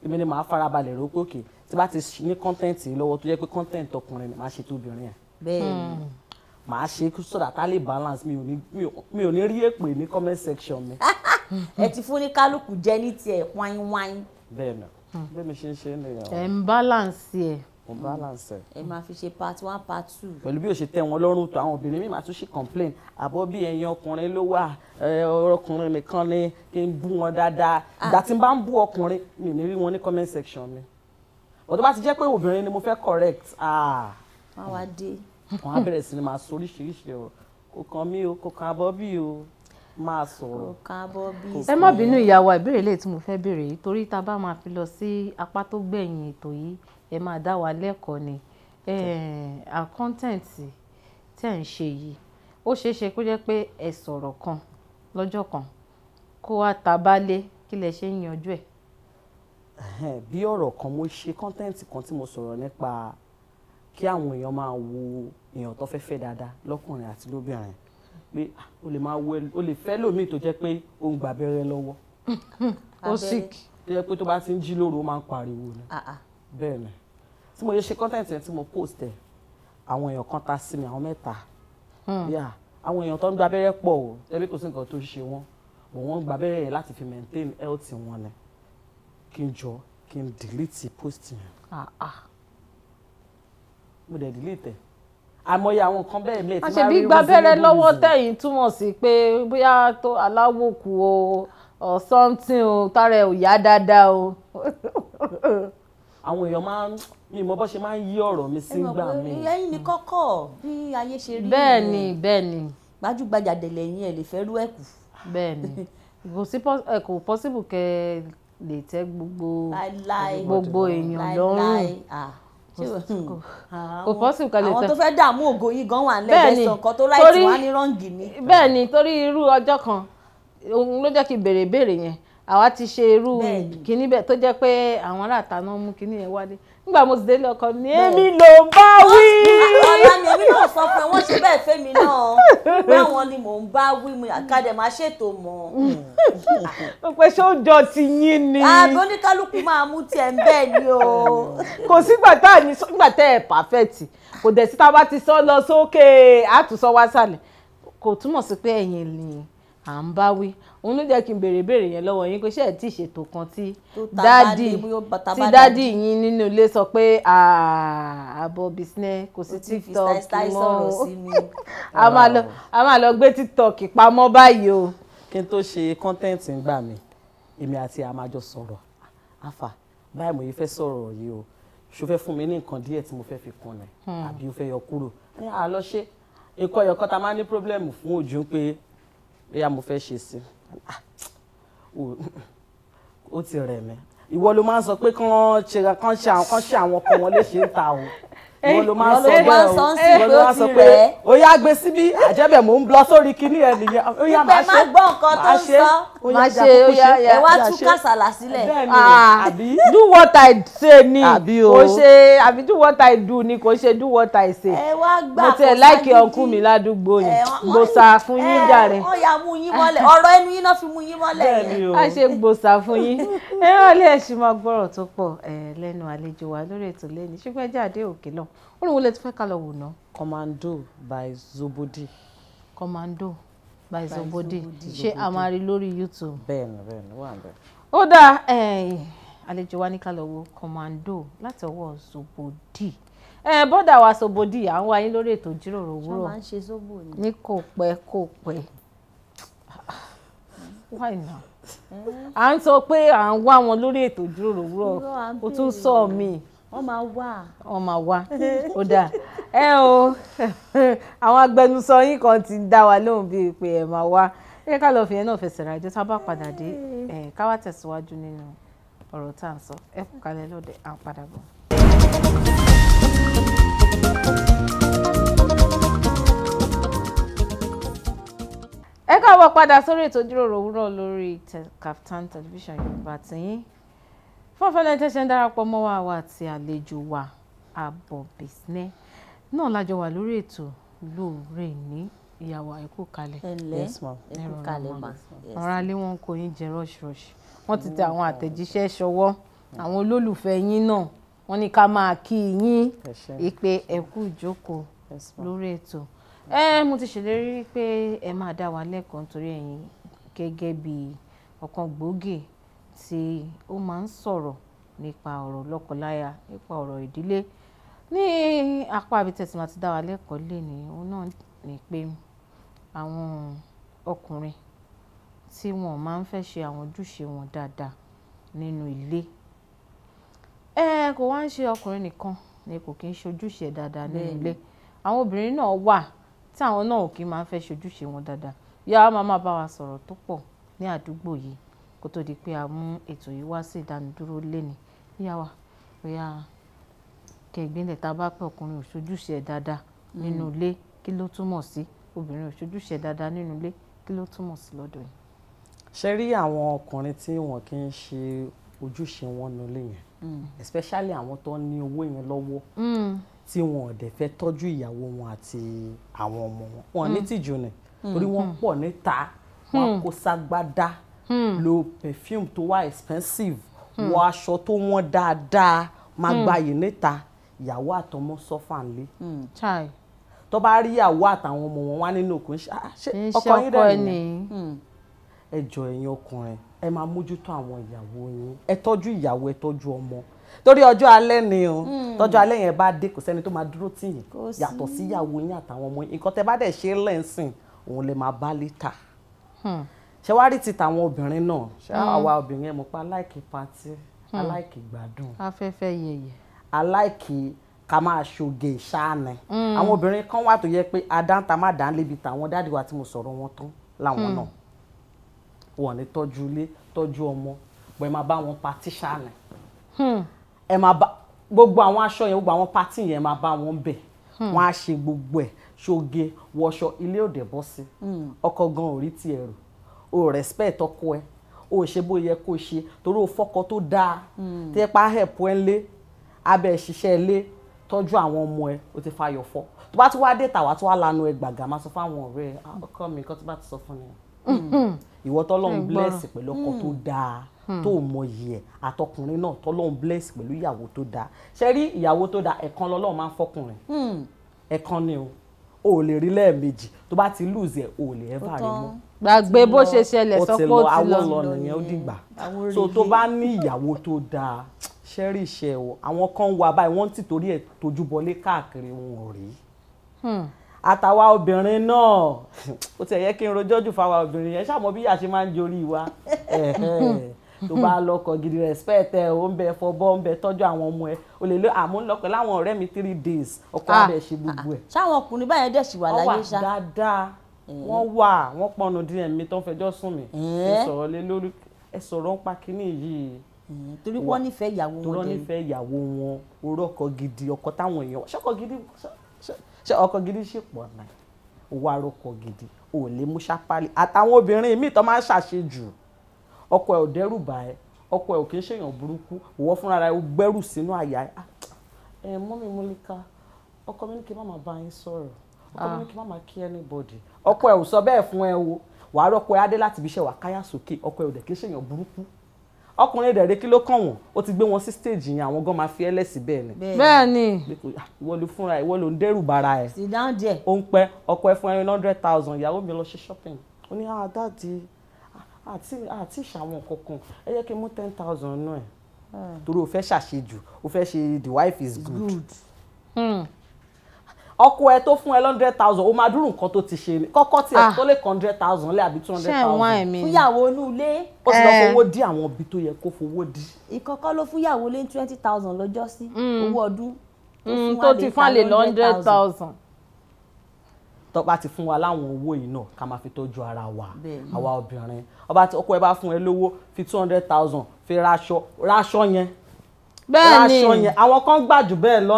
èmi ni màá farabalẹ̀ rò pé òkè tí bá ti ní kọ́ńtẹ́ǹtì lọ́wọ́ tó yẹ pé kọ́ńtẹ́ǹtì ọkùnrin ni màá ṣe tó obìnrin yẹn. Hmm. màá ṣe sọ̀dà tá lè balance mi ò ní rí èpè ní comment section mi. ẹ ti fún ní kálukú jẹ ní tiẹ̀ wáyín wáyín. bẹ́ẹ̀ni bẹ́ẹ̀ni ṣe ń ṣe é nìyẹn. ẹ ń balance ẹ. On mm. balance ẹ. ẹ máa fi ṣe part one part two. pẹ̀lú bí o ṣe tẹ wọn lọ́rùn tó àwọn obìnrin mi máa tún ṣe complain àbọ̀ bí ẹ̀yin ọkùnrin ló wà ọkùnrin nìkan ni kí n bú wọn dáadáa ah. ìgbà tí n bá ń bú ọkùnrin mi ò ní rí wọn ní comment section mi ọ̀dọ́ bá ti jẹ́ pé obìnrin ni mo fẹ́ correct. Ah. wọ́n wá dé. wọ́n á bẹ̀rẹ̀ sí ni máa sọ oríṣiríṣi ọ̀rọ̀ kò kàn mí o kò kàn abọ́ bí o máa sọ̀rọ̀. ẹ má bínú ìyàwó ìbéèrè lè tí mo fẹ́ béèrè yìí torí tá bá máa fi lọ sí apá tó gbẹ̀yìn ètò yìí ẹ máa dá wa lẹ́kọ̀ọ́ ni àkọ́ńtẹ̀ǹtì tẹ̀ ń ṣe yìí ó ṣeé ṣe kó jẹ́ pé ẹ sọ̀rọ̀ kan lọ́jọ́ kan kó wá ta bálé kí lẹ ṣe ń yanjú ẹ̀. bí ọ̀rọ̀ kan mo ṣe kọ́ńtẹ́ǹtì kan tí mo sọ̀rọ̀ nípa kí àwọn èèyàn máa wo èèyàn tó fẹ́ fẹ́ dáadáa lọ́kùnrin àti lóbìnrin pé o lè máa wo o lè fẹ́ lómii tó jẹ́ pé ó ń gba lọ́wọ́. ó sick. tó jẹ́ pé tó bá ti ń jí lóru ó máa ń pariwo ni. Ah, ah bẹ́ẹ̀ ni tí mo yẹ ṣe content yẹn tí mo post ẹ̀ àwọn èèyàn kan ta sí mi àwọn mẹ́ta hmm. yà àwọn èèyàn tó ń gba abẹ́rẹ́ pọ̀ o ẹbí kò sí nǹkan tó ṣe wọ́n bò wọ́n gba abẹ́rẹ́ yẹn láti fi maintain health wọn ni kí n jọ kí n delete post yẹn mo dẹ̀ delete ẹ̀ àmọye àwọn nǹkan bẹ́ẹ̀ mi. a ṣe bí gbàbẹ́rẹ́ lọ́wọ́ sí pé bóyá tó aláwòkù o or something o tara ẹ̀ ò yá dáadáa àwọn èèyàn máa ń mi mọ bó ṣe máa ń yí ọ̀rọ̀ mi sí gbà mí. ẹ̀yin ni kọ́kọ́ bí ayé ṣe rí. bẹ́ẹ̀ ni bẹ́ẹ̀ ni. gbajúgbajà dẹ̀lẹ̀ yín ẹ̀ lè fẹ́ rú ẹ̀kú. bẹ́ẹ̀ ni kò possible kẹ́ ẹ lè tẹ́ gbogbo gbogbo èèyàn lọ́rùn ah, kò possible ká lè tán àwọn tó fẹ́ dààmú ògo yìí gan wà lẹ́gbẹ̀ẹ́ sọ̀kan tó láì tí wọ́n ní rọ́ǹgì ni. bẹ́ẹ̀ ni torí irú ọjọ́ kan òun ló jẹ́ kí béèrè béèrè yẹn àwa ti ṣe irú kíní bẹ́ẹ̀ tó jẹ́ pé àwọn aráàta náà mú kíní yẹn wálé nígbà mo sì délé ọkọ ni èmi ló ń bá wí. ọ̀la mi èmi náà sọ pé wọ́n ṣe bẹ́ẹ̀ fẹ́mi náà báwọn ni mò ń bá wí mi àkàdé máa ṣètò mọ́. ó pẹ́ ṣé ó jọ ti yín ni. àbí oníkálukú máa mú tiẹ̀ ń bẹ́ẹ̀ ni o. kò sígbà tá a ní sígbà tẹ́ ẹ̀ pàfẹ́tì kò dẹ̀ síta bá ti sọ lọ sókè àtúnṣọ wá sàlẹ̀ kò túmọ̀ sí pé ẹ̀yin lè à ń bá wí òun ló jẹ́ kí n béèrè béèrè yẹn lọ́wọ́ yín pé ṣé ẹ̀ tí ìṣètò kan tí dádì tí dádì yín nínú ilé sọ pé àbọ̀ business kò sí tiktok mọ́ a máa lọ gbé tiktok pamọ́ báyìí o. kí n tó ṣe content ń gbà mí èmi àti àmàjọ sọ̀rọ̀ àfà báyìí mo yìí fẹ́ sọ̀rọ̀ yìí o ṣo fẹ́ fún mi ní nǹkan díẹ̀ tí mo fẹ́ fi kún ni hmm. àbí o fẹ́ yọ kúrò ní àlọ́ ṣe nǹkan ẹ̀yọ̀kan ta máa ní pírọ́blẹ́mù fún bóyá mo fẹ́ ṣe sí ah, o ti rẹ̀ mí ìwọ ló máa ń sọ pé kán ṣe kán ṣe àwọn kán ṣe àwọn ọkọ wọn léṣe ń ta o eh, ìwọ ló máa ń sọ pé o ìwọ ló máa ń sọ pé ó yá gbé síbí àjẹbẹ mò ń lọ sórí kinní ẹ nìyẹn ó yá máa ṣe máa ṣe máa ṣe ẹ wá tú kásálà sílẹ̀ ah. do what i say ni kò ṣe àbí do what i do ni kò ṣe do what i say mo tiẹ̀ láìkí ọkú mi ládùúgbò yìí gbòòsà fún yín jàre ọ̀rọ̀ ẹnu yín náà fi mú yín mọ́lẹ̀ yẹn a ṣe gbòòsà fún yín ẹ wọ́n lé ẹ̀sìn máa gbọ́rọ̀ tó pọ̀ lẹ́nu àlejò wa lórí ètò lẹ́ni ṣùgbọ́n ẹ jáde òkè náà ó ní wọlé tí fẹ́ ká lọ wò ná. commando by Zobody commando Byzobody ṣé a máa rí lórí YouTube. bẹ́ẹ̀ni bẹ́ẹ̀ni wà ń bẹ. ó dáa àlejò wa ní ká lọ wo commando láti ọwọ́ Zobody wa Zobody à ń wá yín lórí ètò ìjíròrò òwúrọ̀ ní kò pẹ́ kò pẹ́ why now à ń sọ pé à ń wá wọn lórí ètò ìjíròrò òwúrọ̀ o tún sọ mí. wọ́n máa wá. wọ́n máa wá ó dáa ẹ o àwọn agbẹnusọ yín kan ti dá wa lóhùn bíi pé ẹ máa wá ẹ ká lọ fìyẹn náà fẹsẹ̀ tá a bá padà dé ẹ ká wá tẹ̀síwájú nínú ọ̀rọ̀ tá à ń sọ ẹ kú kalẹ̀ lọ́dẹ à ń padà bọ̀. ẹ káàbọ̀ padà sórí ètò ìjíròrò òwúrọ̀ lórí Kaftan television yorùbá tìyín fún ọ̀fẹ́ lẹ́yìn tẹ́sán darapọ̀ mọ́ wa àwa àti àlejò wa àbọ̀ bìsínẹ́ náà lájọ wà lórí ètò lóore ní ìyàwó àìkú kalẹ̀ ẹ̀lẹ́ ẹ̀kú kalẹ̀ mà ọ̀rọ̀ alẹ́ wọn kò yín jẹ rọ́ṣirọ́ṣi wọ́n ti tẹ mm. àwọn àtẹ̀jíṣẹ́ ṣọwọ́ àwọn olólùfẹ́ yín náà wọ́n ní ká máa kí yín ìpè ẹ̀kú ìjókòó lórí ètò ẹ mo ti ṣèlérí pé ẹ máa dá wa lẹ́kọ̀ọ́ nítorí ẹ̀yin gẹ́gẹ́ bí ọ̀kan gbòógì tí ó máa ń sọ̀rọ̀ nípa ọ̀rọ̀ lọ́kọláya nípa ọ̀rọ̀ ìdílé ní apá abitẹ́sí máa ti dá wa lẹ́kọ̀ọ́ lé ní òun náà ni pé àwọn ọkùnrin tí wọn máa ń fẹ́ ṣe àwọn ojúṣe wọn dáadáa nínú ilé ẹ kò wá ń ṣe ọkùnrin nìkan ni kò kí ń ṣojúṣe dáadáa nínú ilé àwọn obìnrin náà wà tí àwọn náà ò kí máa ń fẹ́ ṣojúṣe wọn dáadáa yàrá máa máa bá wa sọ̀rọ̀ tó pọ̀ ní àdúgbò yìí kó tó di pé a mú ètò yìí wá sí ìdánidúró léni yíyá wa bóyá kẹ̀gbìnlẹ̀ tá a bá pè ọkùnrin òṣojúṣe ẹ̀ dáadáa nínú mm. ilé kí ló túmọ̀ sí obìnrin òṣojúṣe ẹ̀ dáadáa nínú ilé kí ló túmọ̀ sí lọ́dọ̀ yìí. ṣe rí àwọn ọkùnrin tí wọn kì í ṣe ojúṣe wọn nílé yẹn mm. especially àwọn tó ní owó yẹn lọ́wọ́ mm. tí wọn ò dẹ̀ fẹ́ tọ́jú ìyàwó wọn àti àwọn ọmọ wọn wọn ní tìjú ni torí wọn pọ̀ níta wọn kó ságbádá lo perfume tó wá expensive wọ aṣọ tó wọ́n dáadáa máa gbayì níta ìyàwó àtọmọ sọfà ńlẹ. Hmm, tó bá rí ìyàwó àtàwọn ọmọ wọn wá nínú òkú ah, ṣe ọkọ yín dẹ̀ ni hmm. ẹ jọ ẹ̀yin ọkùnrin ẹ máa mójútó àwọn ìyàwó yín ẹ tọ́jú ìyàwó ẹ tọ́jú ọmọ torí ọjọ́ alẹ́ ni o hmm. tọ́jọ́ alẹ́ yẹn bá dé kò sẹ́ni tó máa dúró tì yín yàtọ̀ sí ìyàwó yín àtàwọn ọmọ yín nǹkan tẹ́ bá dẹ̀ ṣe lẹ́sìn òun lè máa bá létà ṣé wàá rí ti tàwọn obìnrin náà ṣé ah, àwa obìnrin ẹ mọ̀ pé aláìkè pátì aláìkè gbádùn afẹ́fẹ́ yẹyẹ aláìkí ká máa ṣoge ṣáàni mm. àwọn obìnrin kan wà tó yẹ pé adántamádán lébi tàwọn dáàdì wa tí mo sọ̀rọ̀ wọn tán láwọn mm. náà wọn ní tọ́jú ilé tọ́jú ọmọ pẹ̀ máa bá wọn patí ṣáàni hmm. ẹ máa bá gbogbo àwọn aṣọ yẹn gbogbo àwọn patí yẹn máa bá wọn bẹ̀ hmm. wọn á ṣe gbogbo ẹ̀ ṣoge wọṣọ ilé òde bọ́ sí hmm. ọkọ gan orí ti ẹ̀rù o respect ọkọ ẹ o ṣe bó yẹ kó ṣe torí o fọkọ tó dáa tí ẹ pa ẹ̀pọ̀ lé abẹ́ ṣiṣẹ́ ilé tọ́jú àwọn ọmọ ẹ o ti fayọ̀ fọ́ tó bá ti wá dé tàwa tó wá lanu ẹ gbàgà máa sọ fáwọn ọ̀rẹ́ ẹ ah, ọkọ mi nǹkan tó bá ti sọ fún mi mm-hmm. ìwọ tọ́lọ́run bless pẹ̀lú ọkọ tó mm. dáa mm. tó mọyì ẹ àtọkùnrin náà tọ́lọ́run bless pẹ̀lú ìyàwó tó dáa ṣe rí ìyàwó tó dáa ẹ̀kan lọ́lọ́run máa ń fọkùnrin mm. ẹ̀kan ni o o ò lè rí lẹ́ẹ̀mejì tó bá ti lose ẹ o ò lè ever rí mọ́ gbàgbé bó ṣe ṣẹlẹ̀ sọ pé ó ti lọ nìyẹn ó dìgbà so tó bá ní ìyàwó tó dáa cherish ẹ o àwọn kan wà báyìí wọ́n ti torí ẹ̀ tójú bọlé káàkiri wọn ò rí hmm. àtàwa obìnrin náà ó ti ẹ̀yẹ́ kí n rojọ́ jù fáwa obìnrin yẹn ṣàmọ́ bí àṣẹ máa ń jorí wa hmm. tó bá lọ́kọ gidi respect ẹ ò ń bẹ fọbọ ń bẹ tọ́jú àwọn ọmọ ẹ o lè lo àmú lọ́kọ láwọn ọ̀rẹ́ mi three days ọkọ rẹ̀ ah. ṣe gbogbo ẹ̀. ṣáwọn ọkùnrin báyẹn dẹ̀ ṣì wà láyé ṣá. ọwà dáadáa hmm. wọ́n wà wọ́n pọnu díẹ̀ mi tó ń fẹjọ́ sùn mi ẹ eh. sọ̀rọ̀ lé lórí ẹ sọ̀rọ̀ ń pa kínní yìí torí wọ́n nífẹ̀ẹ́ ìyàwó wọn dé torí wọ́n nífẹ̀ẹ́ ìyàwó wọn orú ọkọ gidi ọkọ táwọn èèyàn ṣọkọ gidi ṣe ọkọ gidi ṣì pọ̀ náà owó arọkọ gidi ò lè mú ṣápálì àtàwọn obìnrin míì tó máa ń ṣàṣejù ọkọ ẹ ò dẹ́rù bà ẹ́ ọkọ ẹ ò kì í ṣèyàn burúkú ìwọ fúnra rẹ ó gbẹ́rù sínú àyà ẹ ah, ẹ mọ́mí Múlíkà ọkọ mi ní kí n má máa bá yín sọ̀rọ̀ ọkọ mi ní ah. kí n má máa kí anybody ọkọ ẹ ò sọ bẹ́ẹ̀ fún ẹ o wàá rọkọ ẹ adé láti ibi iṣẹ́ wàá káyà sókè ọkọ ẹ ò dẹ̀ kì í ṣèyàn burúkú ọkùnrin dẹ̀rẹ̀ kí ló kàn wọ́n ó ti gbé wọn sí stage yẹn àwọn gan máa fi ẹlẹ́sìn bẹ́ẹ̀ ni. bẹ́ẹ̀ ni ìwọ ló fúnra ìwọ ló ń dẹ́rù bara ẹ̀. sì dáhùn díẹ̀. ó ń pẹ́ ọkọ ẹ fún ẹ ní hundred thousand ìyàwó mi lọ ṣe shopping ó ní ah dáàdi àti àti ìṣàwọn kankan ẹ jẹ́ kí n mú ten thousand nù ẹ̀ hmm. torí o fẹ́ ṣàṣejù o fẹ́ ṣe the wife is good. good. Mm ọkọ ẹ tó fún ẹ lọ́ndrẹ́d thousand ó máa dúró nǹkan tó ti ṣe kọ́kọ́ tiẹ̀ ah. tó lè kan hundred thousand lé àbí two hundred thousand fúyàwó inú ilé. ó ti lọ eh. fowó dí àwọn ibi tó yẹ kó fowó dí. ìkọ̀kọ́ ló fúyàwó lé twenty thousand lọ́jọ́ sí mm. owó ọdún tó mm, ti fún àlè hundred thousand tó bá ti fún wa láwọn owó yìí náà ká máa fi tọ́jú ara wa àwa obìnrin ọba tí ọkọ ẹ bá fún ẹ lówó fi two hundred thousand fi raṣọ raṣọ yẹn bẹ́ẹ̀ ni raṣọ yẹn àwọn kan gbà jù bẹ́ẹ̀ ló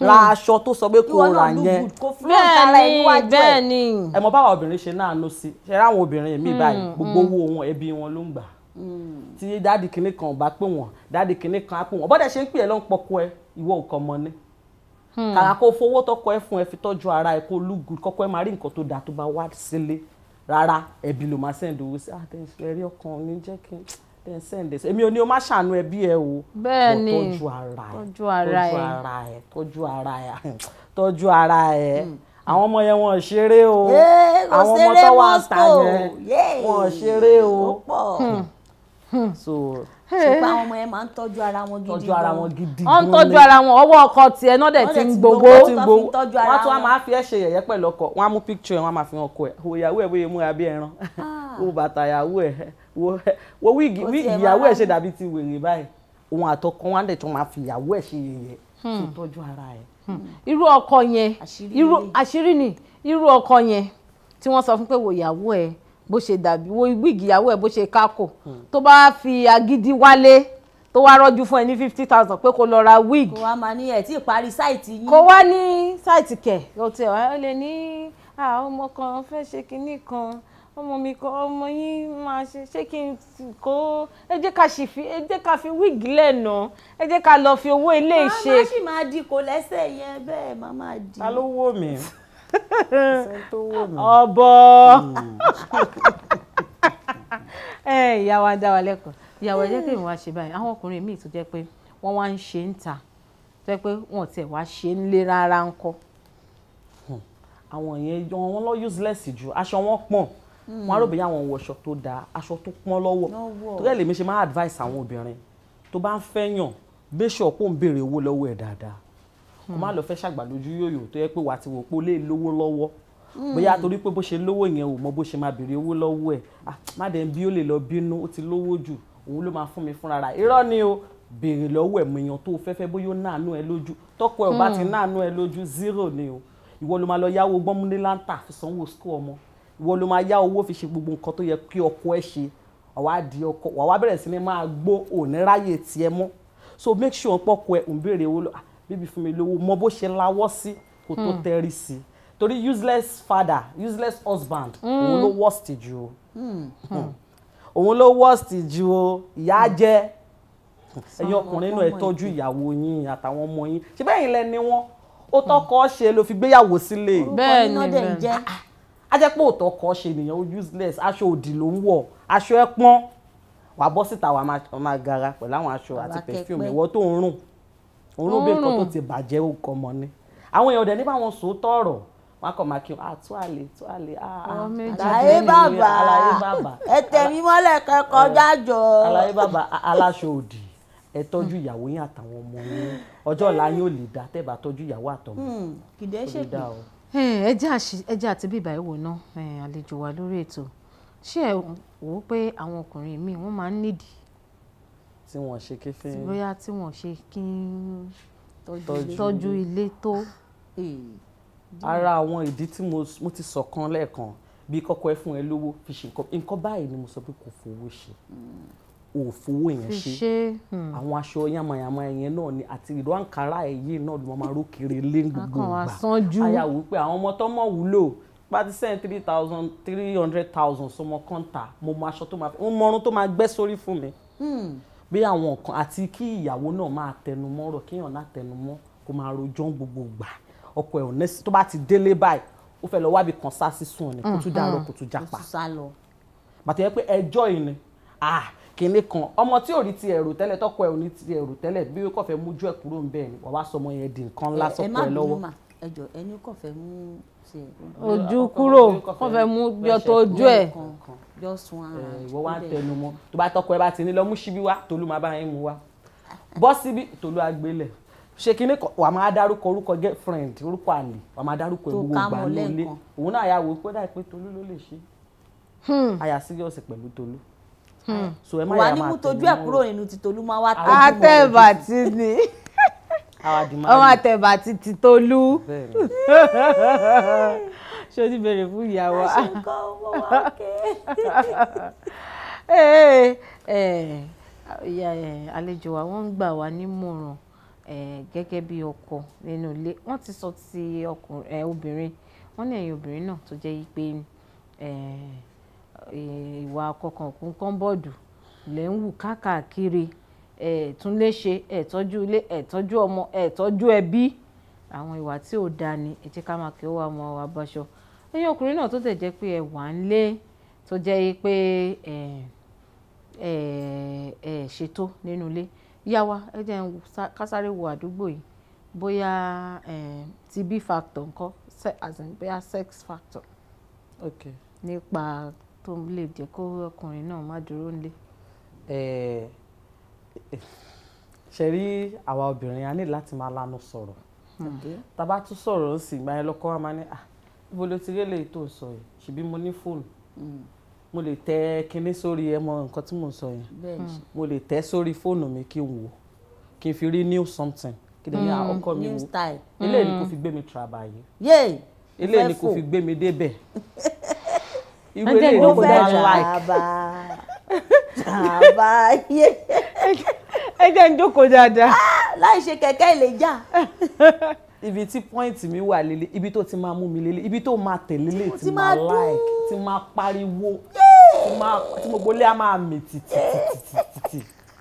ra hmm. aṣọ tó sọ pé kò rà yẹn bẹ́ẹ̀ni bẹ́ẹ̀ni ẹ mọ báwa obìnrin ṣe náà lọ sí ṣe ráwọn obìnrin mi hmm, báyìí hmm. gbogbo owó wọn ẹbí wọn ló ń gbà tí dáàdì kìnnì kan ò bá pè wọn dáàdì kìnnì kan á pè wọn bọ́dẹ̀ ṣe ń pè ẹ́ ló ń pọkọ ẹ ìwọ nǹkan mọ ni kàrà kó fowó tọkọ ẹ fún ẹ fi tọ́jú ara ẹ kó lùgù kọ́kọ́ ẹ máa rí nǹkan tó dáa tó bá wá sílé rárá ẹbí ló máa sẹ́ǹdì owó sí àtẹ̀sẹ̀ ah, rí ọkàn ní jẹ́ then send this èmi ò ní o má ṣàánú ẹbí ẹ o bẹ́ẹ̀ ni tọ́jú ara ẹ tọ́jú ara ẹ tọ́jú ara ẹ tọ́jú ara ẹ mm. àwọn ọmọ yẹn wọn ṣeré o àwọn ọmọ tó wà ta yẹn wọn ṣeré o hmm. Hmm. so ṣùgbọ́n àwọn ọmọ yẹn máa ń tọ́jú ara wọn gidi gan. tọ́jú ara wọn gidi gan. wọ́n ń tọ́jú ara wọn ọwọ́ ọkọ tiẹ̀ náà dẹ̀ ti ń gbowó. wọ́n ti gbowó wọ́n tún wá máa fi ẹ́ ṣe yẹ̀yẹ́ pẹ̀lú ọkọ wọ́n á mú picture ẹ̀ wọ́n á máa fi hàn ọkọ ẹ̀ òyàwó ẹ̀ bóyá múra bí ẹran ah. ó bàtà ìyàwó ẹ̀ wo wíìgì ìyàwó ẹ̀ ṣe dàbí ti wèrè báyìí òun àtọkọ wọn dẹ̀ tún máa fi ìyàwó ẹ̀ ṣe yẹ̀yẹ́ hmm. tó tọ́jú ara ẹ̀. Hmm. irú ọkọ yẹn irú àṣírí ni irú ọkọ yẹn tí wọ́n sọ fún pé wo ìyàwó ẹ̀ bó ṣe dàbí wo wíìgì ìyàwó ẹ̀ bó ṣe kákò hmm. tó bá fi agídí wálé tó wá rọ́jú fún ẹ ní fifty thousand pé kó lọ ra wig. kó wá máa ní ẹ̀ tí ì parí sáìtì yín. kó wá ní sáìtì kẹ̀ ló tẹ̀ wá lè ní ọmọ kan fẹ́ ṣe kinní kan ọmọ mi kọ ọmọ yín máa ṣe ṣé kí n kó ẹ jẹ́ ká ṣì fi ẹ jẹ́ ká fi wíìgì lẹ́nà ẹ jẹ́ ká lọ fi owó ilé ṣe. màmá sì máa di kò lẹ́sẹ̀ yẹn bẹ́ẹ̀ má máa di. ta ló wò mí ọbọ ẹ ìyá wa dá wa lẹ́kọ̀ọ́ ìyàwó ẹ jẹ́ kí èmi wá ṣe báyìí àwọn ọkùnrin míì tó jẹ́ pé wọ́n wá ń ṣe ń ta tó jẹ́ pé wọ́n tiẹ̀ wá ṣe ń lé rárá ń kọ́. Hmm. àwọn yẹn wọn lọ useless jù aṣọ wọn pọ̀n wọn á rò bóyá àwọn wọṣọ tó dáa aṣọ tó pọ́n lọ́wọ́ torí ẹ̀ lèmi ṣe máa advice àwọn obìnrin tó bá ń fẹ́ yàn bẹ́sọ̀ ń béèrè owó lọ́wọ́ ẹ̀ dáadáa kò má lọ fẹ́ ṣàgbàlójú yòyò tó yẹ pé wàá ti wò pé ó lè lówó lọ́wọ́ hmm. bóyá torí pé bó ṣe lówó yẹn ò mọ bó ṣe máa béèrè owó lọ́wọ́ ẹ̀ má dẹ̀ bí ó lè lọ bínú ó ti lówó jù òun ló máa fún mi fúnra rà irọ́ ni o béèrè lọ́wọ́ ẹ̀ mìíràn tó fẹ́fẹ́ bóyá ó náànú ẹ lójú tọ́kọ ẹ̀ ò bá ti hmm. náànú ẹ lójú zero ni o ìwọ ló máa lọ yáwó gbọ́múdé láǹtà fi sanwó school ọmọ ìwọ ló máa yá owó fi ṣe gbogbo nǹkan tó yẹ kí ọkọ ẹ ṣe wàá di ọkọ wàá bẹ̀rẹ̀ sí ni máa gbó òníráyè tiẹ̀ mọ́ so make sure pọ́kọ ẹ ń béèrè owó ah, bíbí fún mi lówó mọ bó ṣe lawọ́ sí kó tó hmm. tẹ́rí sí torí useless father useless husband hmm. òun ló worst jù o hmm. òun ló worst jù o ìyá jẹ́ ẹ̀yin ọkùnrin náà ẹ tọ́jú ìyàwó yín àtàwọn ọmọ yín ṣe bẹ́ẹ̀ yín lẹ́ni wọn ó tọ́kọ ṣe ló fi gbéyàwó sílé. bẹ́ẹ̀ ni bẹ́ẹ̀ á jẹ́ pé òótọ́ kọ́ ṣe nìyẹn useless aṣọ òdì ló ń wọ̀ aṣọ ẹ̀ pọ́n wàá bọ́ síta wàá máa gara pẹ̀lú àwọn aṣọ àti perfume ìwọ tó ń rùn òórùn bí nǹkan tó ti bàjẹ́ òkò mọ́ ni àwọn èèyàn dẹ̀ ní báwọn sòótọ́ ọ̀rọ̀ wọn kàn máa kí wọn àtú àlè tú àlè àlàyé bàbà ẹtẹ mímọ́lẹ̀ kẹ́kọ̀ọ́ jájọ. àlàyé bàbà aláṣọ òdì ẹ tọ́jú ìyàwó yín àtàwọn ọmọ yín ọjọ́ ọ̀la yín ò lè dá tẹ́ bá tọ́jú ìyàwó àtọmọ. Hmm. kìdẹ́ ṣèpè ẹ jẹ́ àti bíbá ẹ̀ wò náà àlejò wa lórí ètò ṣé ẹ wò ó pé àwọn ọkùnrin míì wọ́n máa ń nídìí. tí wọ́n ṣe kéfé. bóyá tí wọ́n ṣe kí n tọ́jú ilé tó. ara àwọn ìdí tí mo ti sọ kan lẹ́ẹ̀kan bí kọ́kọ́ ẹ fún ẹ lówó fi ṣe nǹkan báyìí ni mo sọ pé kò fowó ṣe. Mm òfowó yẹn ṣe hmm. àwọn aṣọ yamayama yẹn náà ni àti ìlú àǹkárá ẹ̀yìn náà ló máa ró kiri lé gbogbo ìgbà ayàwó pé àwọn ọmọ tó mọ̀ wúlò pati send three thousand three hundred thousand sọmọ kọ́ńtà mo mọ aṣọ tó máa fi ń mọrún tó máa gbẹ́ sórí fún mi hmm. bí àwọn nǹkan àti kí ìyàwó náà máa tẹnumọ́ rọ̀ kéèyàn náà tẹnumọ́ kó máa rojọ́ gbogbo ìgbà ọkọ ẹ̀ ọ̀nẹ́sì tó bá ti délé báyìí ó fẹ́ lọ wábi kan sá sísun ni kó tún hmm, dàrọ kó tún jápa bàtà yẹ pé ẹjọ́ yìí ni ah, kinní kan ọmọ tí ò rí ti ẹ̀rù tẹ́lẹ̀ tọ́kọ ẹ̀ ò ní ti ẹ̀rù tẹ́lẹ̀ bí wọ́n kọ̀ fẹ́ mójú ẹ̀ kúrò ń bẹ̀ ni wọ́n wá sọ ọmọ yẹn di nǹkan ńlá sọ́kọ ẹ lọ́wọ́. ẹ jọ ẹni kò fẹ́ mú ojú kúrò kò fẹ́ mú yọ tó ojú ẹ̀ ìwọ wá ń tẹnu mọ́ tó bá tọkọ ẹ bá ti ní lọ mú síbí wá tolú máa bá yín mú wá bọ́ síbí tolú àgbélẹ̀ ṣe kinní kan wà máa dárúkọ orúkọ girlfriend orúkọ àlè wà máa dárúkọ ìwúwo gbà nílé òun náà yà wò pé dáì pé tolú ló lè ṣe àyà hmm. síríọ̀sì pẹ̀lú tolú. Hmm. so ẹ má yà máa tẹnu wà ní mú tojú ẹ kúrò nínú ti Tolú máa wá tẹnu mọ́ àtẹ̀bà tí ni ọmọ àtẹ̀bà ti ti ṣé o ti béèrè fún ìyàwó eh, eh, eh, àlejò wa wọ́n ń gbà wá nímọ̀ràn gẹ́gẹ́ bí ọkọ nínú ilé wọ́n ti sọ ti obìnrin wọ́n ní ẹ̀yin obìnrin náà tó jẹ́ yí pé ìwà kọkànkún kọ́ńbọ̀dù lẹ́ ń wù káàkiri ẹ̀ tún lè ṣe ẹ̀ tọ́jú ilé ẹ̀ tọ́jú ọmọ ẹ̀ tọ́jú ẹbí àwọn ìwà tí ò da ni ẹ jẹ́ ká máa kí ó wá mọ wa báṣọ ẹ̀yin ọkùnrin náà tó tẹ̀ jẹ́ pé ẹ wà ń lé tó jẹ́ pé ẹ ẹ ṣètò nínú ilé yá wa ẹ jẹ́ kásáré wo àdúgbò yìí bóyá TB factor ńkọ́ as in bóyá sex factor okay. nípa tó ń lè jẹ́ kó ọkùnrin náà má dúró nílé. ṣe rí àwa obìnrin a ní láti máa lanu sọ̀rọ̀ tá bá tún sọ̀rọ̀ ó sì gbáyé lọ́kọ́ wa máa ní à ah, ibo ló ti rí eléyìí tó ń sọ yìí ṣebí mo ní fóònù mm. mo lè tẹ kinní sórí ẹ nǹkan tí mo sọ yẹn mo lè tẹ sórí fóònù mi kí n wò kí n fi rí new something kí ni ah, mm. ọkọ mi wò eléyìí ni kò mm. fi gbé mi travel yìí eléyìí ni kò fi gbé mi débẹ̀ irú eléyìí ló fẹ́ jàbá jàbá yé. ẹ jẹ́ ń jókòó dáadáa. Ah, láì ṣe kẹ̀kẹ́ ìlè jà. ibi tí pọ́ìntì mi wà lélẹ̀ ibi tó ti máa mú mi lélẹ̀ ibi tó máa tẹ̀lé lè ti máa láì ti máa pariwo tí mo gbolé a máa mì tìtìtìtìtì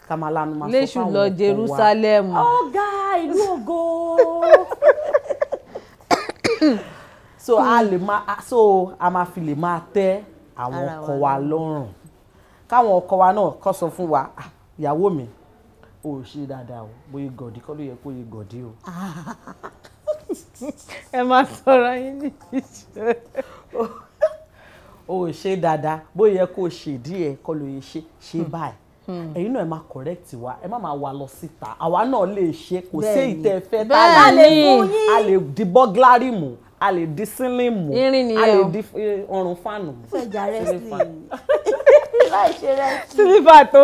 ká máa lanu máa sọ fáwọn léṣù lọ Jerusalem. ọ̀gá ìlú ògo. so mm. a hmm. lè máa so a máa fi lè máa tẹ́ àwọn ọkọ wa lọ́rùn káwọn ọkọ wa náà kọ́ sọ fún wa ah, ìyàwó mi ò ṣe dáadáa o bóyá gọ̀dí kọ́ ló yẹ kó yẹ gọ̀dí o. ẹ máa sọ̀rọ̀ yín ní ìṣẹ́ o ò ṣe dáadáa bóyá yẹ kó o ṣe díẹ̀ kọ́ ló yẹ ṣe ṣe hmm. báyìí hmm. ẹ̀yin náà ẹ máa correct wa ẹ má máa wà lọ síta àwa náà lè ṣe kò sí ìtẹ́ tá a lè mú a lè di bọ́glárì a lè di sílíìmù eh, a lè di ọrùn fàánù sílífà tó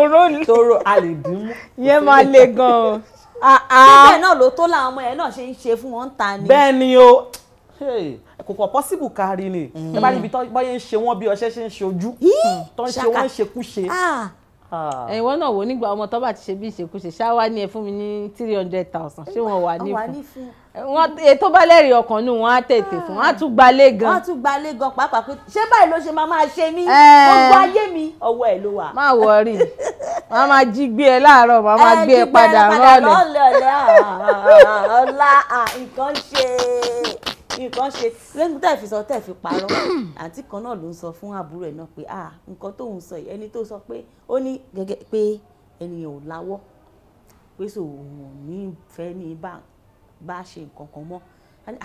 toro, a lè di í mú yẹn máa le gan-an. Ah, ah. bẹ́ẹ̀ náà ló tó làwọn ọmọ yẹn náà ṣe ń ṣe fún wọn ń ta ni. bẹ́ẹ̀ ni o kò kò possible kárí ni mm. ẹ bá níbi bọ́yẹ̀ ń ṣe wọ́n bí ọṣẹ ṣe ń ṣe ojú tó ń ṣe wọ́n ń ṣekúṣe. ìwọ ah. náà wò nígbà ọmọ tó ti ṣe bí ìṣekúṣe ṣáá wá ní ẹ fún mi ní three hundred thousand ṣé wọn wà ní fún wọn ètò bá lẹ́rìí ọkàn nù wọn á tètè fún wọn á tún gbalé gan. wọn á tún gbalé gan pàápàá pé ṣé báyìí ló ṣe máa máa ṣe mí gbogbo ayé mi ọwọ́ ẹ̀ ló wà. má wọrí màá máa jí gbé ẹ láàárọ̀ màá máa gbé ẹ padà rọlẹ̀. ọlá nǹkan ṣe nǹkan ṣe lẹ́nu tẹ́ fi sọ tẹ́ fi parọ́ àǹtí kan náà ló ń sọ fún àbúrò ẹ̀ náà pé nǹkan tóun sọ yìí ẹni tó sọ pé ó ní gẹ́gẹ́ pé ẹnìyàn ò láwọ́ pé sòun ò ní fẹ́ ní bank bá ṣe nǹkan kan mọ́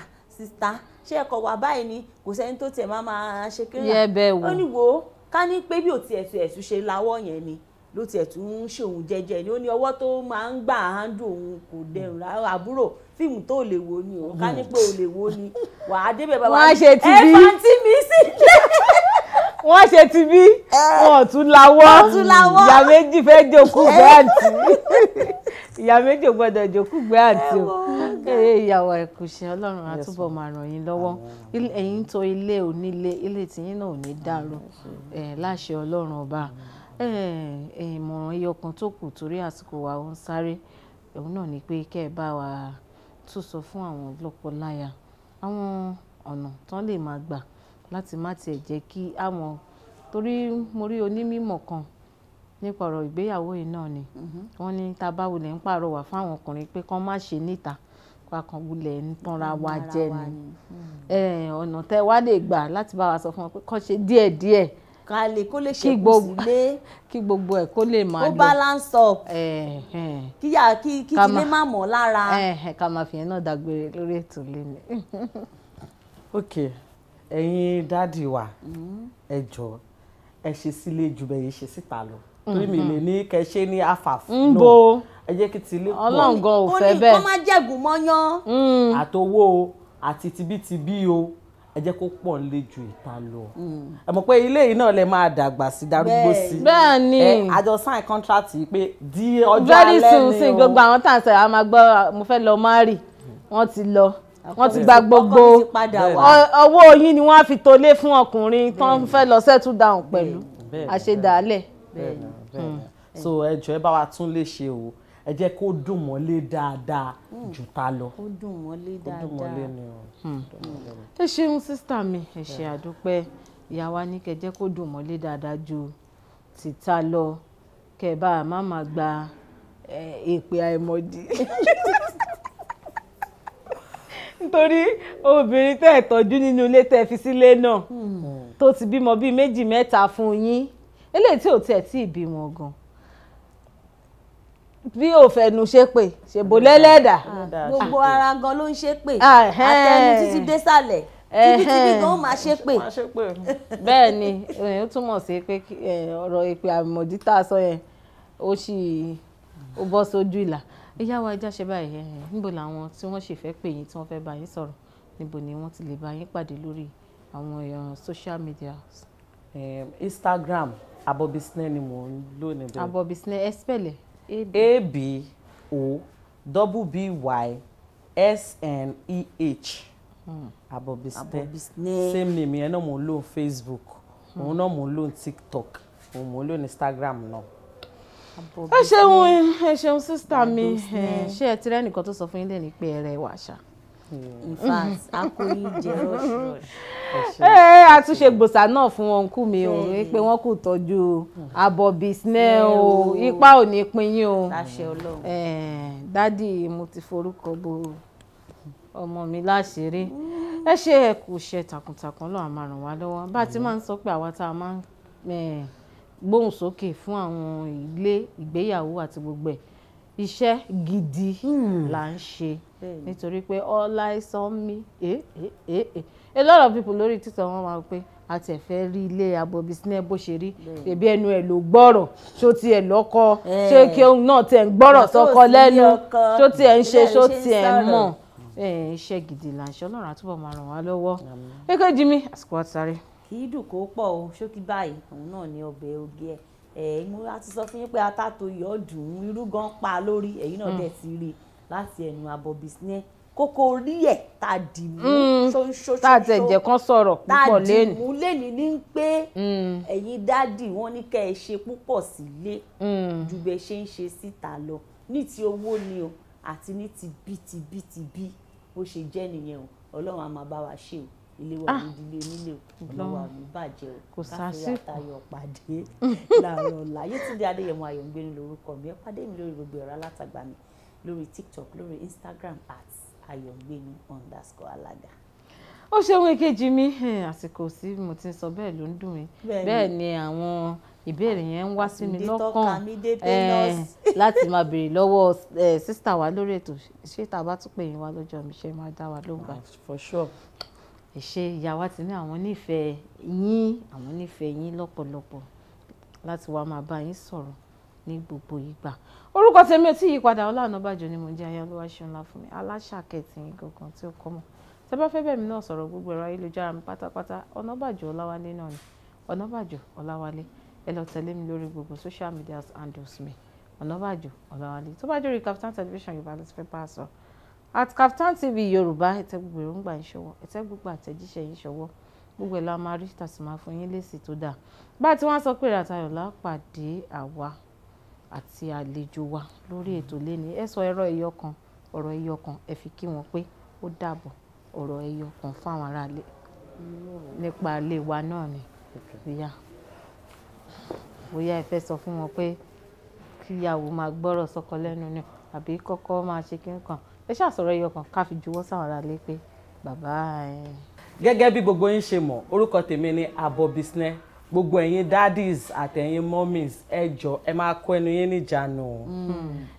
ah, sista ṣé ẹkọ wà báyìí ni kò sẹ́ni tó tiẹ̀ máa máa ṣe kí ńlá ó ní wo ká ní pé bí ò tiẹ̀ tó ṣe láwọ́ yẹn ni ló tiẹ̀ tún ń ṣòun jẹ́jẹ́ ni ó ní ọwọ́ tó máa ń gbà áńdù òun kò dẹrùn rárá àbúrò fíìmù tó lè wo ni òun ká ní pé ò lè wo ni wà á débẹ̀ bàbá wọn ṣe ti bí ẹ fàǹtí mi sílẹ̀ wọ́n ṣe ti bí wọn tún lawọ́ ìyá méjì fẹ́ jókòó gbé àǹtí ìyá méjì ò jókòó gbé àǹtí o ìyàwó ẹ̀kùṣẹ́ ọlọ́run àtúbọ̀ máa ràn yín lọ́wọ́ ẹ̀yin tó ilé onílé ilé tìyín náà ò ní dàrú láṣẹ ọlọ́run ọba ìmọ̀ràn iyọkan tó kù torí àsìkò wa ó ń sáré òun náà ni pé kẹ́ ẹ bá wa tún sọ fún àwọn lọ́pọ̀láyà àwọn ọ̀nà tán lè máa gbà láti má tiẹ̀ jẹ́ kí àwọn torí mo rí onímọ̀ kan nípa ọ̀rọ̀ ìgbéyàwó yìí náà ni mm-hmm. wọ́n ní tá a bá wulẹ̀ ń pàrọwà fáwọn ọkùnrin pé kán má ṣe níta kan wulẹ̀ ń tanra wa jẹ ni ọ̀nà tẹ́ wá lè gbà láti bá wa sọ fún ọ pé kọ́ ṣe díẹ̀díẹ̀ ká lè kó lè ṣe kù sílé kí gbogbo ẹ̀ kó lè máa lọ kó balance up kíyà kí kí tilé má mọ̀ lára. ká máa fi yẹn náà dágbére lórí ètò lẹ́nu. ok ẹ̀yin dáàdì wa mm-hmm. ẹ jọ ẹ ṣe sílé ju bẹ́ẹ̀ ṣe síta lọ mm-hmm. torí mi lè ní kẹ́ ní àfàfù náà. bo ẹ jẹ́ kí ti ilé pọ̀ ọlọ́run gan ò fẹ́ bẹ́ẹ̀ ó ní kó má jẹ̀gùn mọ́yán. Hmm. àtowó àti tibítibí o ẹ jẹ́ kó pọ̀ lé ju ìta lọ hmm. ẹ mọ̀ pé ilé yìí náà lè máa dàgbà sí darúgbó sí bẹ́ẹ̀ ni a sign contract yìí pé di ọjọ́ alẹ́ ni o very soon sí gbogbo àwọn tá à ń sọ àwọn máa gbọ́ mo fẹ́ lọ márì wọ́n ti lọ wọ́n ti gba gbogbo owó yín ni wọ́n á fi tolé fún ọkùnrin tó ń fẹ́ lọ settle down pẹ̀lú àṣedàálẹ̀. so ẹ jọ ẹ bá wa tún lè ṣe o ẹ jẹ́ kó dùn mọ́lé dáadáa hmm. jù ta lọ. ó dùn mọ́lé dáadáa ó hmm. dùn mọ́lé ni o. ẹ ṣeun sísítà mi ẹ ṣe àdúpẹ́ ìyá wa ní kẹ́ jẹ́ kó dùn mọ́lé dáadáa ju tìta lọ kẹ́ bá a má máa gba èpè àìmọ̀dí nítorí obìnrin tẹ́ ẹ̀ tọ́jú nínú ilé tẹ́ fi sílé náà hmm. tó ti bímọ bíi méjì mẹ́ta fún yín eléyìí tí ò tiẹ̀ tí ì bímọ gan-an bí ò fẹnu ṣe pé ṣèbò lẹ́lẹ́dà. Ah, ah. gbogbo ara gan ló ń ṣe pé ah, àtẹnu eh. títí désàlẹ̀ eh. tibitibi gan máa ṣe pé. bẹ́ẹ̀ ni eh, ó túmọ̀ sí pé ọ̀rọ̀ èpè àmọ̀dí tá a sọ yẹn ó sì ó bọ́ sójú ìlà ìyá wa ẹja ṣe báyìí níbo làwọn tí wọ́n sì fẹ́ pè yín tí wọ́n fẹ́ bá yín sọ̀rọ̀ níbo ni wọ́n ti lè bá yín pàdé lórí àwọn social media. Instagram abobisne ni mo ń lò níbẹ̀. abobisne ẹ spẹ̀lẹ̀. A B O W B Y S N E H. Mm. Abobisne same name yẹn náà mò ń Facebook hmm. òun náà mò ń TikTok òun mò ń Instagram náà. ẹ ṣeun ẹ ṣeun sísítà mi ṣé ẹ ti rẹ́ nìkan tó sọ fún yín lẹ́nu pé ẹ rẹwà ṣá in a akóyin jẹ rush eh, rush. àtúnṣe gbòòsà náà fún wọn kú mi o pé wọn kò tọ́jú mm-hmm. abọ bisnẹ o ipa ò ní pin o eh, dádì mo ti forúkọ bo ọmọ mi láṣìírí mm. ẹ ṣe ẹ kò ṣe takuntakun lọ́wọ́ máa ràn wá lọ́wọ́ bá a ti máa ń sọ pé àwa tá a máa ń eh, gbóhùn sókè fún àwọn ilé ìgbéyàwó àti gbogbo ẹ̀ iṣẹ́ gidi hmm. là ń ṣe nítorí pé all eyes on me a lot of people lórí títọ̀ wọn máa pé a tẹ̀ fẹ́ rí ilé abobi sinẹ́ bó ṣe rí ẹbí ẹnu ẹ̀ ló gbọ́rọ̀ ṣó ti ẹ̀ lọ́kọ ṣé kí òun náà tẹ̀ ń gbọ́rọ̀ sọ́kọ lẹ́nu ṣó ti ẹ̀ ń ṣe ṣó ti ẹ̀ ń mọ̀ iṣẹ́ gidi là ń ṣe ọlọ́run àtúbọ̀ máa ràn wá lọ́wọ́ kékeré jimmy àsìkò àtàrí. kì í dùn kó pọ̀ o ṣókí báyìí òun náà ní ọbẹ̀ oge ẹ̀ ẹ̀yìn mo ti sọ fún yín pé atátó yọ̀ dùn irú gan pa lórí ẹ̀yìn náà mm. dẹ̀ ti rí láti ẹnu abọ́bí sinẹ́ kókó orí ẹ̀ tá a dì mú mm. ṣóńṣóńṣó tá a tẹ̀ jẹ́ kán sọ̀rọ̀ púpọ̀ lẹ́nu tá a dì mú lẹ́nu ní pé mm. ẹ̀yin dádì wọ́n ní kẹ́ ẹ ṣe púpọ̀ sílé ju bẹ́ẹ̀ ṣe ń ṣe síta lọ ní ti owó ni o àti ní ti bí ti bí ti bí bó ṣe jẹ́ nìyẹn o ọlọ́run á ṣe o ilé wa ah. ìdílé onílé ọ̀nà wa ní bàjẹ́ o kò sáṣí káfíńrà tayọ̀ pàdé láàárọ̀ ọ̀la Yétúndé Adéyẹmọ Ayọ̀ngbéni lórúkọ mi ẹ pàdé mi lórí gbogbo ẹ̀rọ alátagbà mi lórí TikTok lórí Instagram at Ayọ̀ngbéni underscore alága ó ṣeun èkejì mi àsìkò sí mo ti sọ bẹ́ẹ̀ ló ń dùn mí bẹ́ẹ̀ ni àwọn ìbéèrè ah, yẹn ń wá sí mi lọ́kàn láti máa béèrè lọ́wọ́ sísítà wa lórí ètò ṣé tá a bá tún pè yín wá lọ́jọ́ mi ṣe máa dá wa lóhùn. Ah, for sure ẹ ṣe ìyá wa ti ní àwọn nífẹ̀ẹ́ yín àwọn nífẹ̀ẹ́ yín lọ́pọ̀lọpọ̀ láti wá máa bá yín sọ̀rọ̀ ní gbogbo ìgbà orúkọ tèmi ò tí yí padà Ọlá Ọ̀nàbàjọ́ ni mo jẹ́ ayálúwa ṣeun ńlá fún mi aláṣàkẹ́tì yín gangan tí ó kọ́ mọ̀ tẹ́ bá fẹ́ bẹ́ẹ̀ mi náà sọ̀rọ̀ gbogbo ẹ̀rọ ayélujára mi pátápátá Ọ̀nàbàjọ́ Ọláwálé náà ni Ọ̀nàbàjọ́ Ọláwálé ẹ lọ tẹ̀lé mi lórí gbogbo social media handles mi Ọ̀nàbàjọ́ Ọláwálé tó bá jórí Kaftan television Yorùbá ló ti fẹ́ bá a sọ at Captain TV Yorùbá ẹ̀tẹ́ gbogbo èròǹgbà yín ṣọwọ́ ẹ̀tẹ́ gbogbo àtẹ̀jíṣẹ́ yín gbogbo ẹ̀ la máa rí tàṣí máa fún yín lésì tó dáa bá a ti wá sọ pé ìràtayọ̀ lápàdé àwa àti àlejò wa lórí ètò lẹ́ni ẹ sọ ẹ̀rọ ẹ̀yọ kan ọ̀rọ̀ ẹ̀yọ kan ẹ fi kí wọn pé ó dàbọ̀ ọ̀rọ̀ ẹ̀yọ kan fáwọn aráalé nípa ilé wa náà ni bóyá bóyá ẹ fẹ́ sọ fún wọn pé kíyàwó máa gbọ́rọ̀ sọ́kọ lẹ́nu ni àbí kọ́kọ́ máa ṣe kí nǹkan ẹ ṣàṣọ̀rọ̀ ẹyọ kan ká fi juwọ́ sáwọn ará lé pé bàbá ẹ. gẹ́gẹ́ bí gbogbo yín ṣe mọ̀ orúkọ tèmi ni Abobisne gbogbo ẹ̀yin daddies àtẹ̀yin mummies ẹ jọ ẹ máa kó ẹnu yín níjànú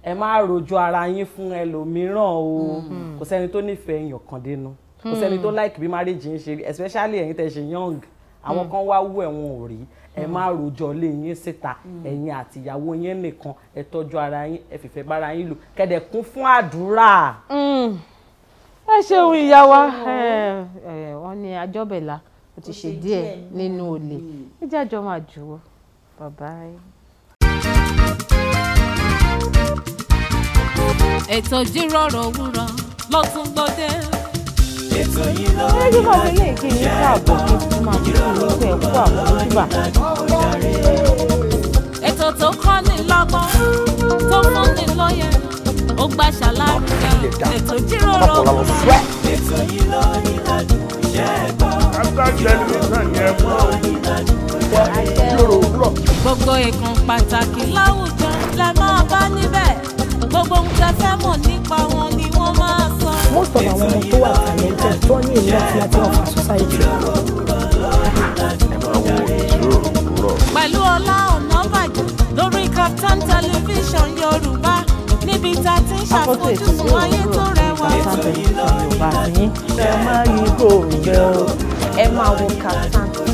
ẹ máa rojọ́ ara yín fún ẹlòmíràn o kò sẹ́ni tó nífẹ̀ẹ́ èèyàn kan dénú kò sẹ́ni tó like bí marriage yín ṣe especially ẹ̀yin tẹ̀ ṣe young àwọn kan wá wú ẹ̀wọ̀n ò rí ẹ má rojọ́ lé yín síta ẹ̀yin àtìyàwó yín nìkan ẹ tọ́jú ara yín ẹ fìfẹ́ bára yín lò kẹ́dẹ̀ kún fún àdúrà. Hmm. ẹ ṣeun ìyá wa wọ́n ní àjọbẹ̀là ó ti ṣe díẹ̀ nínú olè ẹ jájọ́ máa jù ú bàbá yìí. ètò ìjíròrò òwúrọ̀ ló ètò yìí ló ń yọ ìyá ẹ̀gbọ́n ìjíròrò ọlọ́yìnbá ojàre. ètò tó kọ́ ni lọ́gbọ́n tó fún ni lóye ó gbà ṣàlàyé ètò jíròrò ọlọ́yìnbá. ètò yìí ló ń yọ ìyá ẹ̀gbọ́n ìjíròrò ọlọ́yìnbá. gbogbo ìkan pàtàkì láwùjọ la máa bá níbẹ̀ gbogbo ohun tẹ́ fẹ́ mọ̀ nípa wọn ni wọ́n máa sọ most of àwọn ọmọ tó wà talented tó ní ìlú àti àti ọ̀fà society. pẹ̀lú Ọlá Ọ̀nàbàjọ lórí Kaftan television Yorùbá níbi tá a ti ń ṣàfojúsùn ayé tó rẹwà. Kaftan television Yorùbá ní ẹ máa yí kò ń jẹ́ o ẹ máa wo Kaftan.